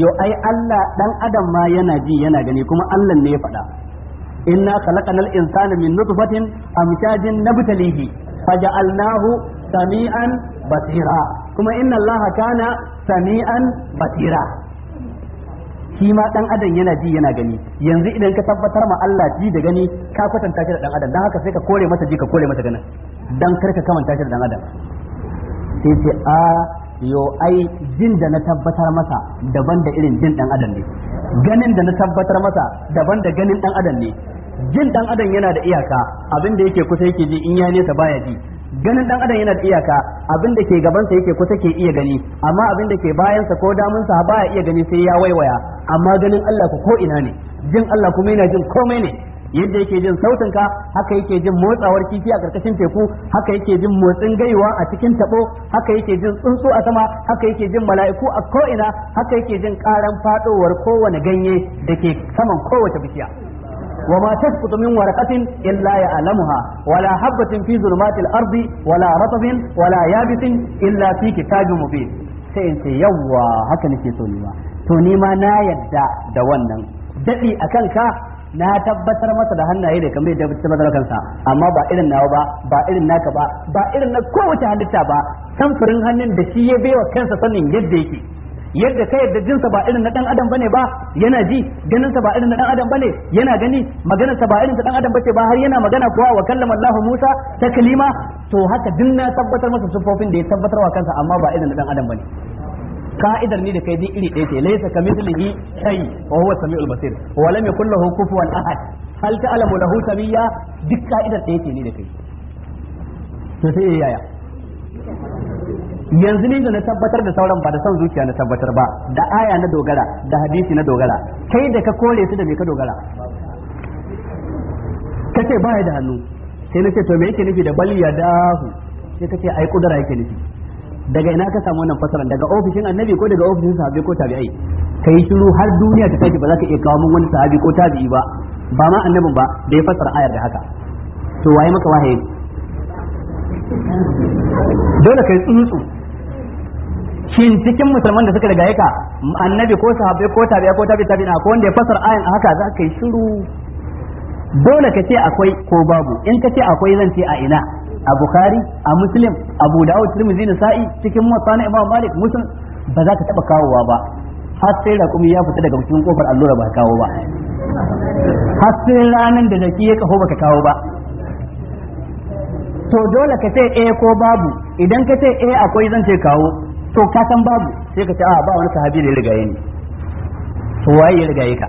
yo ai Allah dan adam ma yana ji yana gani kuma Allah ne ya faɗa inna khalaqnal insana min nutfatin amshajin nabtalihi faja'alnahu sami'an basira kuma inna Allah kana sami'an basira shi ma dan adam yana ji yana gani yanzu idan ka tabbatar ma Allah ji da gani ka kwatanta shi da dan adam dan haka sai ka kore masa ji ka kore masa ganin dan kar ka kamanta shi da dan adam sai ce a yo ai jin da na tabbatar masa daban da irin jin dan adam ne ganin da na tabbatar masa daban da ganin dan adam ne jin dan adam yana da iyaka abin da yake kusa yake ji in ya nesa baya ji ganin dan adam yana da iyaka abin da ke gabansa yake kusa ke iya gani amma abin da ke bayansa ko damunsa baya iya gani sai ya waiwaya amma ganin Allah ko ina ne jin Allah kuma yana jin komai ne yadda yake jin sautin ka haka yake jin motsawar kifi a karkashin teku haka yake jin motsin gaiwa a cikin tabo haka yake jin tsuntsu a sama haka yake jin mala'iku a ko'ina haka yake jin karan fadowar kowane ganye da ke saman kowace bishiya وما تسقط من ورقة إلا يعلمها ولا حبة في ظلمات الأرض ولا رطب ولا يابس إلا في كتاب مبين سينتي يوا هكا نكي سوني to ni ma na yadda da wannan daɗi a ka. na tabbatar masa da hannaye da kamar da tabbatar kansa amma ba irin nawa ba ba irin naka ba ba irin na kowace halitta ba samfurin hannun da shi ya baiwa kansa sanin yadda yake yadda ka yadda jinsa ba irin na dan adam bane ba yana ji ganinsa ba irin na dan adam bane yana gani maganarsa ba irin ta dan adam bace ba har yana magana kuwa wa kallama Allahu Musa taklima to haka din na tabbatar masa sufofin da ya tabbatar wa kansa amma ba irin na dan adam bane ka'idar ni da kai duk iri ɗaya ce laysa kamithlihi shay wa huwa samiul basir wa lam yakul lahu kufuwan ahad hal ta'lamu lahu samiyya duk ka'idar ɗaya ce ni da kai to sai yaya yanzu ne da na tabbatar da sauran ba da son zuciya na tabbatar ba da aya na dogara da hadisi na dogara kai da ka kore su da me ka dogara kace ba da hannu sai na ce to me yake nufi da bal yadahu sai kace ai kudura yake nufi daga ina ka samu wannan fasaran daga ofishin annabi ko daga ofishin sahabi ko tabi'ai kai shiru har duniya ta tashi ba za ka iya kawo mun wani sahabi ko tabi'i ba ba ma annabin ba da ya fasara ayar da haka to waye maka wahayi dole kai tsuntsu shin cikin musulman da suka daga yaka annabi ko sahabi ko tabi'a ko tabi'i tabi'a ko wanda ya fasara ayan haka za ka yi shiru dole ka ce akwai ko babu in ka ce akwai zan ce a ina a bukhari a muslim abu dawud tirmidhi sa'i cikin muwatta na imam malik muslim ba za ka taba kawowa ba har sai raƙumi ya fita daga cikin kofar allura ba kawo ba har sai ranan da zaki ya kaho baka kawo ba to dole ka ce eh ko babu idan ka ce eh akwai zan ce kawo to ka babu sai ka ce a ah, ba wani sahabi da ya rigaye ni to waye ya rigaye ka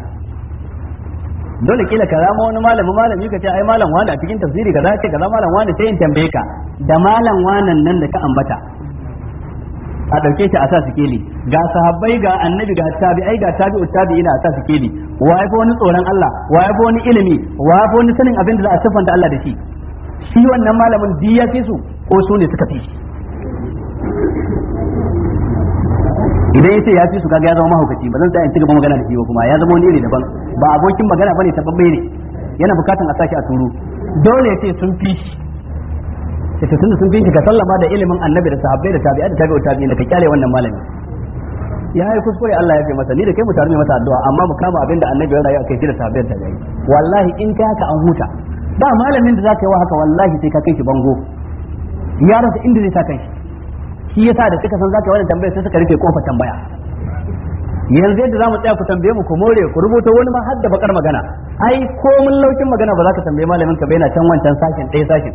dole kila ka zama wani malami malami ka ce ai malam wani a cikin tafsiri zaka ce zama malam wani sai in tambaye ka da malam wanan nan da ka ambata a ɗauke shi a sa sikeli ga sahabbai ga annabi ga ai ga tabi'ut ina a sa sikeli wa ya wani tsoron Allah wa ya wani ilimi wa ya wani sanin abin da za a sifanta Allah da shi shi wannan malamin di ya fi su ko su ne suka fi shi idan yace ya fi su kaga ya zama mahaukaci ba zan tsaya in ci gaba magana da shi ba kuma ya zama wani ne daban ba abokin magana bane tababbe ne yana bukatan a saki a turu dole yace sun fi shi yace tunda sun fi shi ka sallama da ilimin annabi da sahabbai da tabi'a da tabi'u tabi'in da ka kyale wannan malami ya yi kuskure Allah ya fi masa ni da kai mu tarmi masa addu'a amma mu kama abin da annabi ya rayu a shi da sahabbai da tabi'in wallahi in ka haka an huta ba malamin da zaka yi wa haka wallahi sai ka kai shi bango ya rasa inda zai sa kai shi shi yasa da suka san zaka wani tambaya sai suka rufe kofar tambaya yanzu yadda za mu tsaya ku tambaye mu ku more ku rubuta wani ma har da bakar magana ai ko mun laukin magana ba za ka tambaye malamin ka ba yana can wancan sakin ɗaya sakin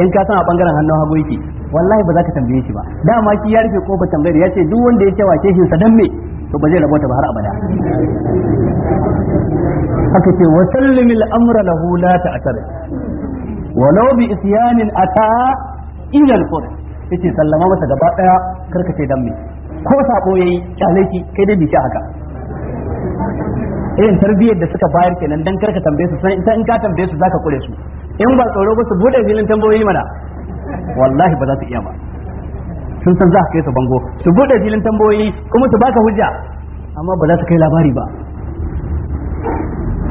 in ka san a bangaren hannun hagu yake wallahi ba za ka tambaye shi ba dama shi ya rufe kofar tambayar ya ce duk wanda ya ce wace shi sadan me to ba zai rabota ba har abada haka ce wa sallimil amra lahu la ta'tar law bi isyanin ata ila al-qur'an yace sallama masa gaba daya karka ce dan me ko sabo yayi kyale kai dai bishi haka irin tarbiyyar da suka bayar kenan dan karka tambaye su san in ka tambaye su zaka kure su in ba tsoro ba su bude filin tambayoyi mana wallahi ba za su iya ba sun san za ka kai su bango su bude filin tambayoyi kuma su baka hujja amma ba za su kai labari ba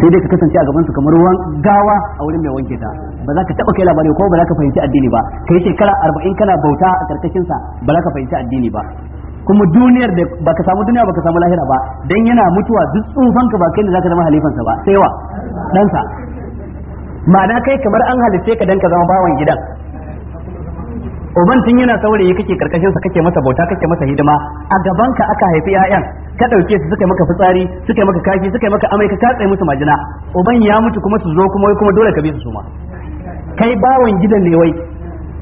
sai dai ka kasance a gaban su kamar ruwan gawa a wurin mai wanke ta ba za ka taba kai labari ko ba za ka fahimci addini ba kai shekara arba'in kana bauta a karkashin sa ba za ka fahimci addini ba kuma duniyar da ka samu duniya ka samu lahira ba dan yana mutuwa duk tsufan ka ba kai ne za ka zama sa ba sai wa dan sa ma'ana kai kamar an halice ka dan ka zama bawan gidan uban tun yana saurayi kake karkashin sa kake masa bauta kake masa hidima a gaban ka aka haifi 'ya'yan ka dauke su suka maka fitsari suka maka kashi suka maka amai ka katse musu majina uban ya mutu kuma su zo kuma kuma dole ka bi su suma kai bawan gidan lewai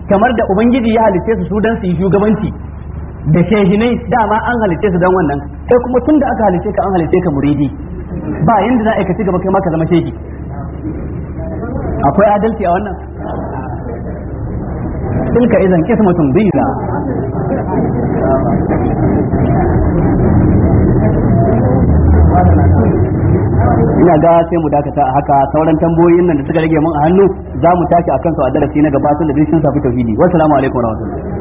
kamar da ubangiji ya halitta su su dan su yi shugabanci da shehinai dama an halitta su dan wannan sai kuma tun da aka halitta ka an halitta ka muridi ba yanda za a ka ci gaba kai ma ka zama shehi akwai adalci a wannan tilka idan kismatun ina ga sai mu dakata a haka sauran tambayoyin nan da suka rage mun a hannu za mu tashi akan su a darasi na gaba sun da sun shafi tauhidi wassalamu alaikum warahmatullahi